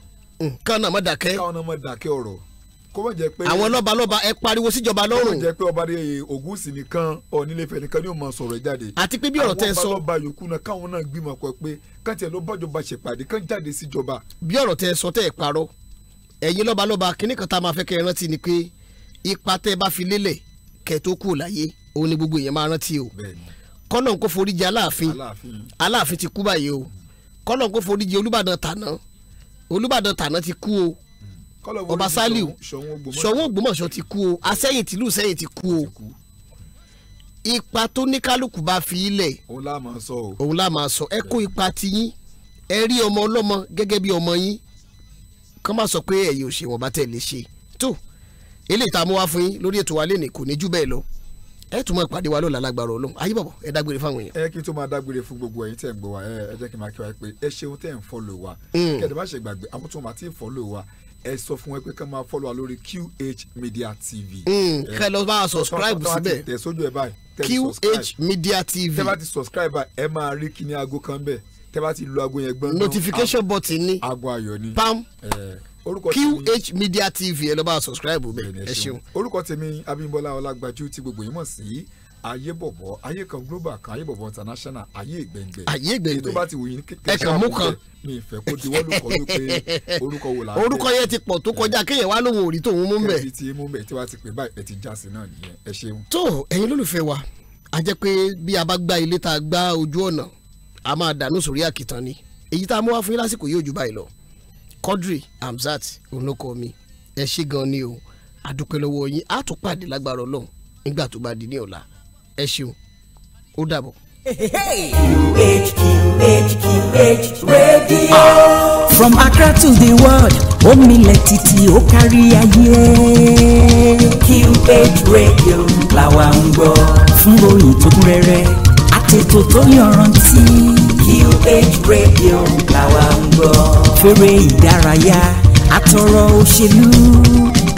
nǹkan náà má dákẹ́. káwọn náà má dákẹ́ ọ̀rọ̀ kó má jẹ́ pé. àwọn lọ́balọ́ba ẹ pariwo síjọba lọ́rùn. kó má jẹ́ pé ọba Ògúnwùsì nìkan Ọọ̀nilẹ́fẹ̀ nìkan ni ó máa sọ̀rọ̀ jáde. àti pé bí ọ̀rọ̀ tẹ́ ń sọ. àwọn lọ́balọ́ba yòókù náà káwọn náà gbìmọ̀ pọ̀ pé káńtì ló bájọba ṣèpàdé kán jáde síjọba. bí ọ̀rọ̀ tẹ́ sọ tẹ́ ẹ̀ parọ́ ẹ̀yin lọ́balọ́ba kínní kan tá a máa fẹ́ kẹ́ ẹ rántí ni pé ipa tẹ́ bá fi lélẹ̀ tó kù láyé òun ni gbogbo èèyàn máa rántí o. bẹ́ẹ̀ni kọ́lọ̀ kó foríjì aláàfin aláàfin ti kú báyìí o kọ́lọ̀ kó foríjì olúbàdàn tàná olúbàdàn tàná ti kú o ọba saliu ṣọ̀ún ògbómọ̀ṣọ́ ti kú o asẹ́yìn tìlú sẹ́yìn ti kú o ipa tó ní kálukú bá fi ilẹ̀ òun la máa sọ ẹ kó ipa tiyín ẹ rí ọmọ ọlọ́mọ gẹ́gẹ́ bí ọmọ yín kán má sọ pé ẹ̀yin ò ṣe wọ́n bá tẹ̀lé ṣe tó eléyìí tá a mú wá fún yín lórí ètò wa lénìí kò ní jù bẹ́ẹ̀ lọ ẹ tún máa pàdé wa lọ́la lágbára Ọlọ́run ayé bàbọ̀ ẹ dágbére fáwọn èèyàn. ẹ kí n tó máa dágbére fún gbogbo ẹ̀yin tẹ́ ń gbọ́ wa ẹ jẹ́ kí n máa kí wa pé ẹ ṣeun tẹ́ ń fọ́lọ̀ wa mm. kẹ́ẹ̀dẹ̀ má ṣe gbàgbé àwọn tó máa ti ń fọ́lọ̀ wa ẹ sọ fún wọn pé kí wọn máa fọ́lọ̀ wa lórí QH Media TV. Mm, kẹ lọ bá a subscribe síbẹ̀ QH Media TV. tẹ́ ti subscribe ẹ máa rí kíní aago kan bẹ́ẹ̀ tẹ́ ti lu aago yẹn gbọ́n. notification button ni. pam qh media tv ẹ lọ bá subscribe bẹ ẹ ṣeun. orúkọ tèmi abímbọ́lá ọlágbájú tí gbogbo yín mọ̀ sí ayé bọ̀bọ̀ ayé kan global kan ayé bọ̀bọ̀ international ayé ìgbẹ̀ngbẹ̀ ayé ìgbẹ̀ngbẹ̀ tó bá ti wòye kékeré ẹ̀kan mú kan mi ìfẹ́ kó di wọ́n lóko ló pé orúkọ wo la ń bẹ orúkọ yẹn ti pọ̀ tó kọjá kéèyàn wá lóhun òrí tóun mú bẹ̀. kẹ́bí ti mú bẹ̀ tí wàá ti pè báyìí ẹ ti já sí náà nìyẹn ẹ ṣeun. tó ẹ̀yin olólùfẹ́ wa a jẹ́ pé bí a bá gba ilé tá a gbá ojú ọ̀nà a máa dànù sórí àkìtàn ni èyí tá a mú wá fún yín lásìkò yóò ju báyìí lọ Quadri Hamzat onoko mi ẹ ṣé gan ni o àdúpẹ́ lọ́wọ́ yín á tún pàdé lágbára Ọlọ́run nígbà tó bá di ní ọ̀la ẹ ṣeun ó dàbọ̀. QH From Accra to the world, ó milẹ̀ títí ó kárí ayé. QH Radio làwa ń gbọ́. Fún ròyìn tó kún rẹ́rẹ́, àtètò tó yanrantí. QH Radio làwa ń gbọ́ fèrè ìdárayá àtọ̀rọ̀ òṣèlú.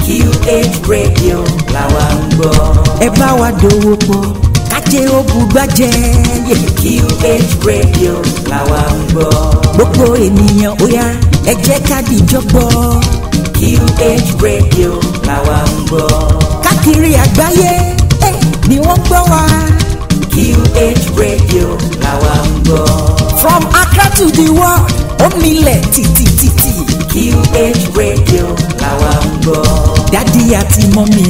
QH radio la wa ń gbọ́. ẹ bá wa dòwò pọ̀ kájẹ́ ogun gbájẹ́. QH radio la wa ń gbọ́. gbogbo ènìyàn ó yá ẹ jẹ́ ká dìjọ gbọ́. QH radio la wa ń gbọ́. káàkiri àgbáyé eh, ni wọ́n gbọ́ wa. QH radio la wa ń gbọ́. from Akra to the world ó milẹ̀ tìtìtìtì. QH radio làwa ń gbọ́. dádì àti mọ́mí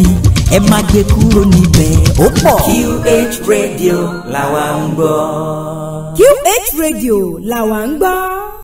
ẹ má gbé kúrò níbẹ̀ ó pọ̀. QH radio làwa ń gbọ́. QH radio làwa ń gbọ́.